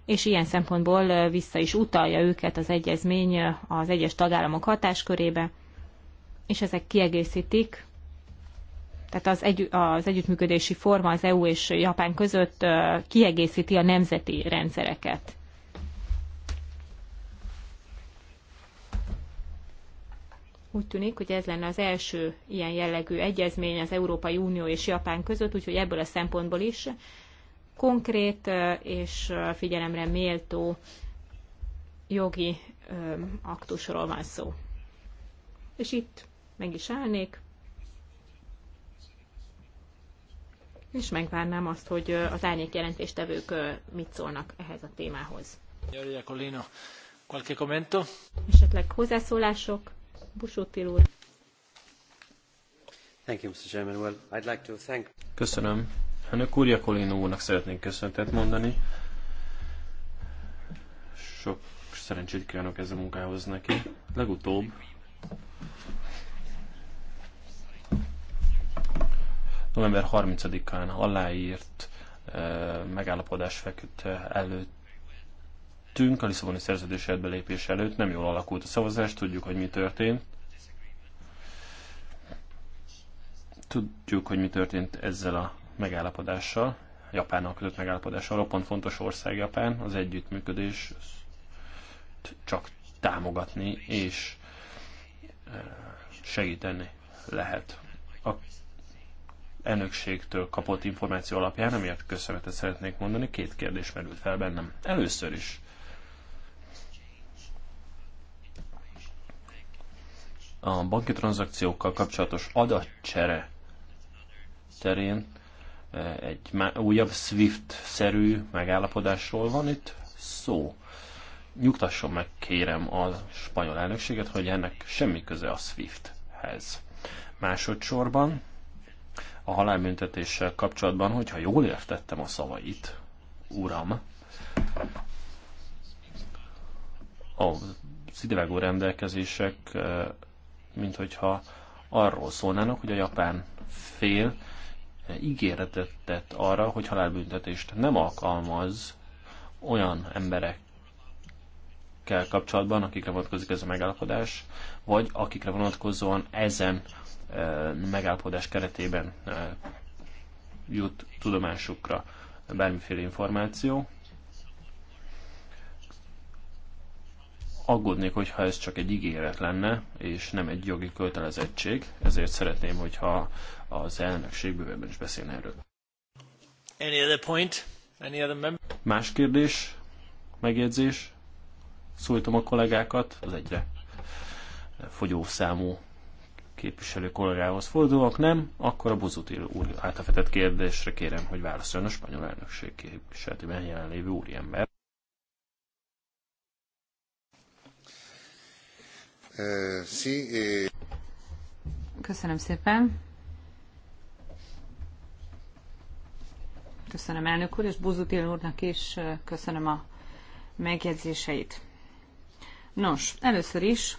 és ilyen szempontból vissza is utalja őket az egyezmény az egyes tagállamok hatáskörébe és ezek kiegészítik, tehát az, egy, az együttműködési forma az EU és Japán között kiegészíti a nemzeti rendszereket. Úgy tűnik, hogy ez lenne az első ilyen jellegű egyezmény az Európai Unió és Japán között, úgyhogy ebből a szempontból is konkrét és figyelemre méltó jogi aktusról van szó. És itt meg is állnék, és megvárnám azt, hogy az árnyék jelentéstevők mit szólnak ehhez a témához. Esetleg hozzászólások? Busuttil úr. Thank you, Mr. Chairman. Well, I'd like to thank... Köszönöm. Önök úr, Jakolino úrnak szeretnék köszöntet mondani. Sok szerencsét kívánok ez a munkához neki. Legutóbb november 30-án aláírt megállapodás feküdt előtt a Lisszaboni szerződés belépés előtt, nem jól alakult a szavazás, tudjuk, hogy mi történt. Tudjuk, hogy mi történt ezzel a megállapodással, Japánnal kötött megállapodással. Roppant fontos ország Japán, az együttműködés csak támogatni és segíteni lehet. A elnökségtől kapott információ alapján, amiért köszönetet szeretnék mondani, két kérdés merült fel bennem. Először is. A banki tranzakciókkal kapcsolatos adatcsere terén eh, egy újabb SWIFT-szerű megállapodásról van itt szó. Nyugtasson meg kérem a spanyol elnökséget, hogy ennek semmi köze a SWIFT-hez. Másodszorban a halálbüntetéssel kapcsolatban, hogyha jól értettem a szavait, uram, a idevágó rendelkezések, eh, mint hogyha arról szólnának, hogy a japán fél eh, ígéretet tett arra, hogy halálbüntetést nem alkalmaz olyan emberekkel kapcsolatban, akikre vonatkozik ez a megállapodás, vagy akikre vonatkozóan ezen megállapodás keretében jut tudomásukra bármiféle információ. Aggódnék, hogyha ez csak egy ígéret lenne, és nem egy jogi kötelezettség, ezért szeretném, hogyha az elnökség bővebben is beszélne erről. Any other point? Any other member? Más kérdés? Megjegyzés? Szólítom a kollégákat az egyre fogyószámú képviselő kollégához fordulok, nem? Akkor a Buzuti úr általfetett kérdésre kérem, hogy válaszoljon a spanyol elnökség képviseletében jelenlévő úriember. Eh, eh. Köszönöm szépen. Köszönöm elnök úr, és Buzutil úrnak is eh, köszönöm a megjegyzéseit. Nos, először is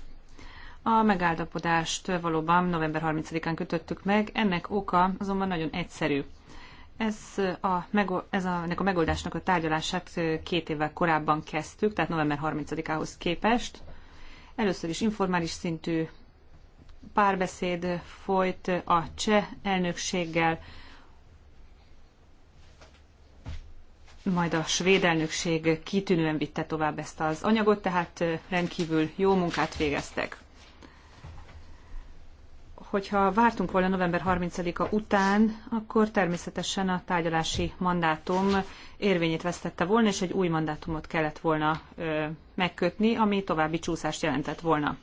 a megállapodást valóban november 30-án kötöttük meg, ennek oka azonban nagyon egyszerű. Ez a, ez a, ennek a megoldásnak a tárgyalását két évvel korábban kezdtük, tehát november 30-ához képest. Először is informális szintű párbeszéd folyt a cseh elnökséggel, majd a svéd elnökség kitűnően vitte tovább ezt az anyagot, tehát rendkívül jó munkát végeztek hogyha vártunk volna november 30-a után, akkor természetesen a tárgyalási mandátum érvényét vesztette volna, és egy új mandátumot kellett volna megkötni, ami további csúszást jelentett volna.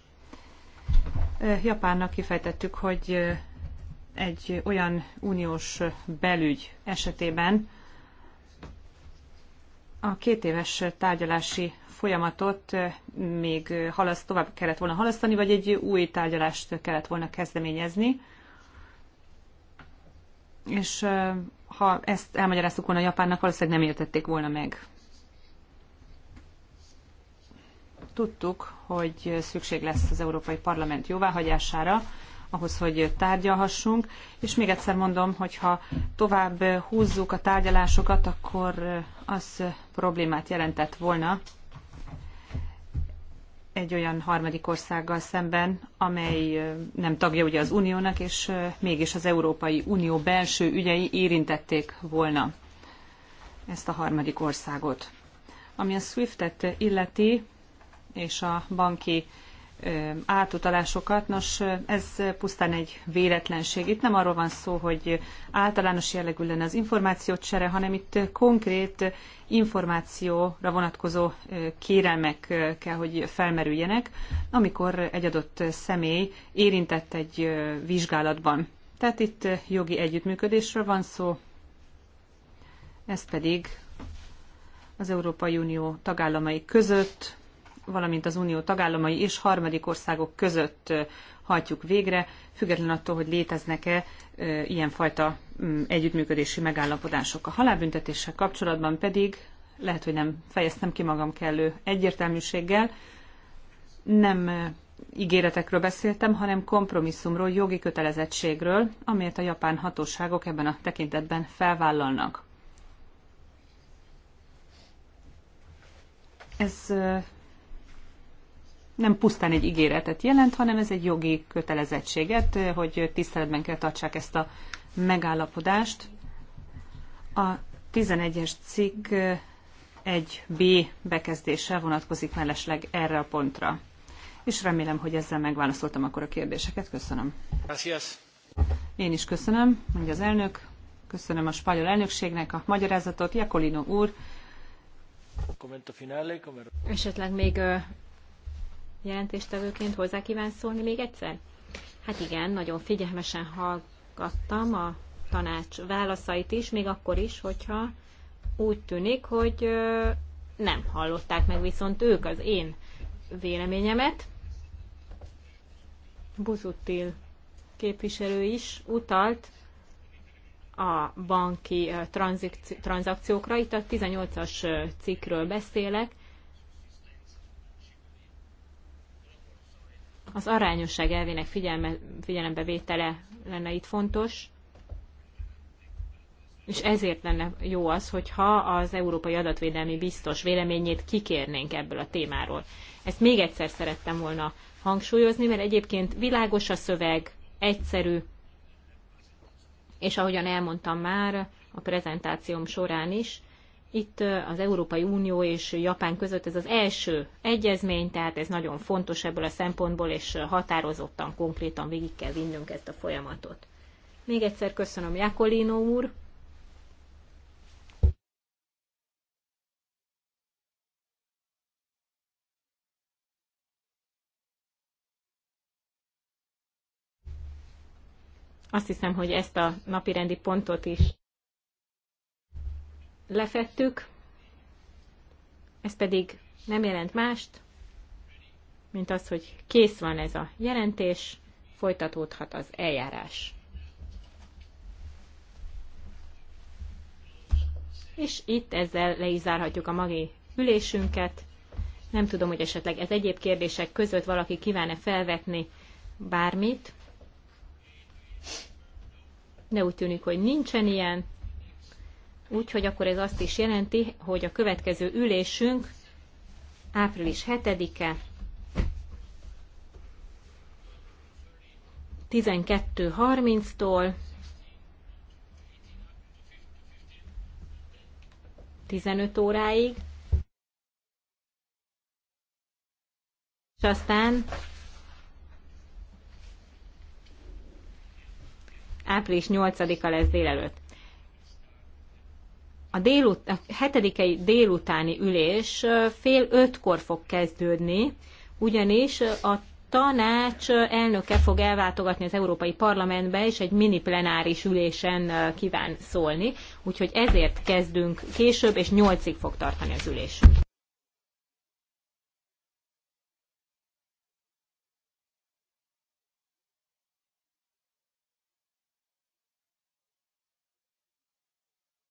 Japánnak kifejtettük, hogy egy olyan uniós belügy esetében a két éves tárgyalási folyamatot még halasz, tovább kellett volna halasztani, vagy egy új tárgyalást kellett volna kezdeményezni. És ha ezt elmagyaráztuk volna Japánnak, valószínűleg nem értették volna meg. Tudtuk, hogy szükség lesz az Európai Parlament jóváhagyására, ahhoz, hogy tárgyalhassunk. És még egyszer mondom, hogy ha tovább húzzuk a tárgyalásokat, akkor az problémát jelentett volna egy olyan harmadik országgal szemben, amely nem tagja ugye az Uniónak, és mégis az Európai Unió belső ügyei érintették volna ezt a harmadik országot. Ami a SWIFT-et illeti, és a banki átutalásokat. Nos, ez pusztán egy véletlenség. Itt nem arról van szó, hogy általános jellegű lenne az információcsere, hanem itt konkrét információra vonatkozó kérelmek kell, hogy felmerüljenek, amikor egy adott személy érintett egy vizsgálatban. Tehát itt jogi együttműködésről van szó, ez pedig az Európai Unió tagállamai között valamint az unió tagállamai és harmadik országok között hajtjuk végre, független attól, hogy léteznek-e ilyenfajta mm, együttműködési megállapodások. A halálbüntetéssel kapcsolatban pedig, lehet, hogy nem fejeztem ki magam kellő egyértelműséggel, nem ígéretekről beszéltem, hanem kompromisszumról, jogi kötelezettségről, amelyet a japán hatóságok ebben a tekintetben felvállalnak. Ez nem pusztán egy ígéretet jelent, hanem ez egy jogi kötelezettséget, eh, hogy tiszteletben kell tartsák ezt a megállapodást. A 11-es cikk 1b eh, bekezdése vonatkozik mellesleg erre a pontra. És remélem, hogy ezzel megválaszoltam akkor a kérdéseket. Köszönöm. Gracias. Én is köszönöm, mondja az elnök. Köszönöm a spanyol elnökségnek a magyarázatot. Jakolino úr. Esetleg még jelentéstevőként hozzá kíván szólni még egyszer? Hát igen, nagyon figyelmesen hallgattam a tanács válaszait is, még akkor is, hogyha úgy tűnik, hogy nem hallották meg viszont ők az én véleményemet. Buzutil képviselő is utalt a banki tranzakciókra. Itt a 18-as cikkről beszélek, Az arányosság elvének figyelme, vétele lenne itt fontos, és ezért lenne jó az, hogyha az Európai Adatvédelmi Biztos véleményét kikérnénk ebből a témáról. Ezt még egyszer szerettem volna hangsúlyozni, mert egyébként világos a szöveg, egyszerű, és ahogyan elmondtam már a prezentációm során is, itt az Európai Unió és Japán között ez az első egyezmény, tehát ez nagyon fontos ebből a szempontból, és határozottan, konkrétan végig kell vinnünk ezt a folyamatot. Még egyszer köszönöm Jakolino úr. Azt hiszem, hogy ezt a napirendi pontot is lefettük, ez pedig nem jelent mást, mint az, hogy kész van ez a jelentés, folytatódhat az eljárás. És itt ezzel le is zárhatjuk a magi ülésünket. Nem tudom, hogy esetleg ez egyéb kérdések között valaki kívánne felvetni bármit, de úgy tűnik, hogy nincsen ilyen, Úgyhogy akkor ez azt is jelenti, hogy a következő ülésünk április 7-e 12.30-tól 15 óráig, és aztán április 8-a lesz délelőtt a, délut, a hetedikei délutáni ülés fél ötkor fog kezdődni, ugyanis a tanács elnöke fog elváltogatni az Európai Parlamentbe, és egy mini plenáris ülésen kíván szólni, úgyhogy ezért kezdünk később, és nyolcig fog tartani az ülésünk.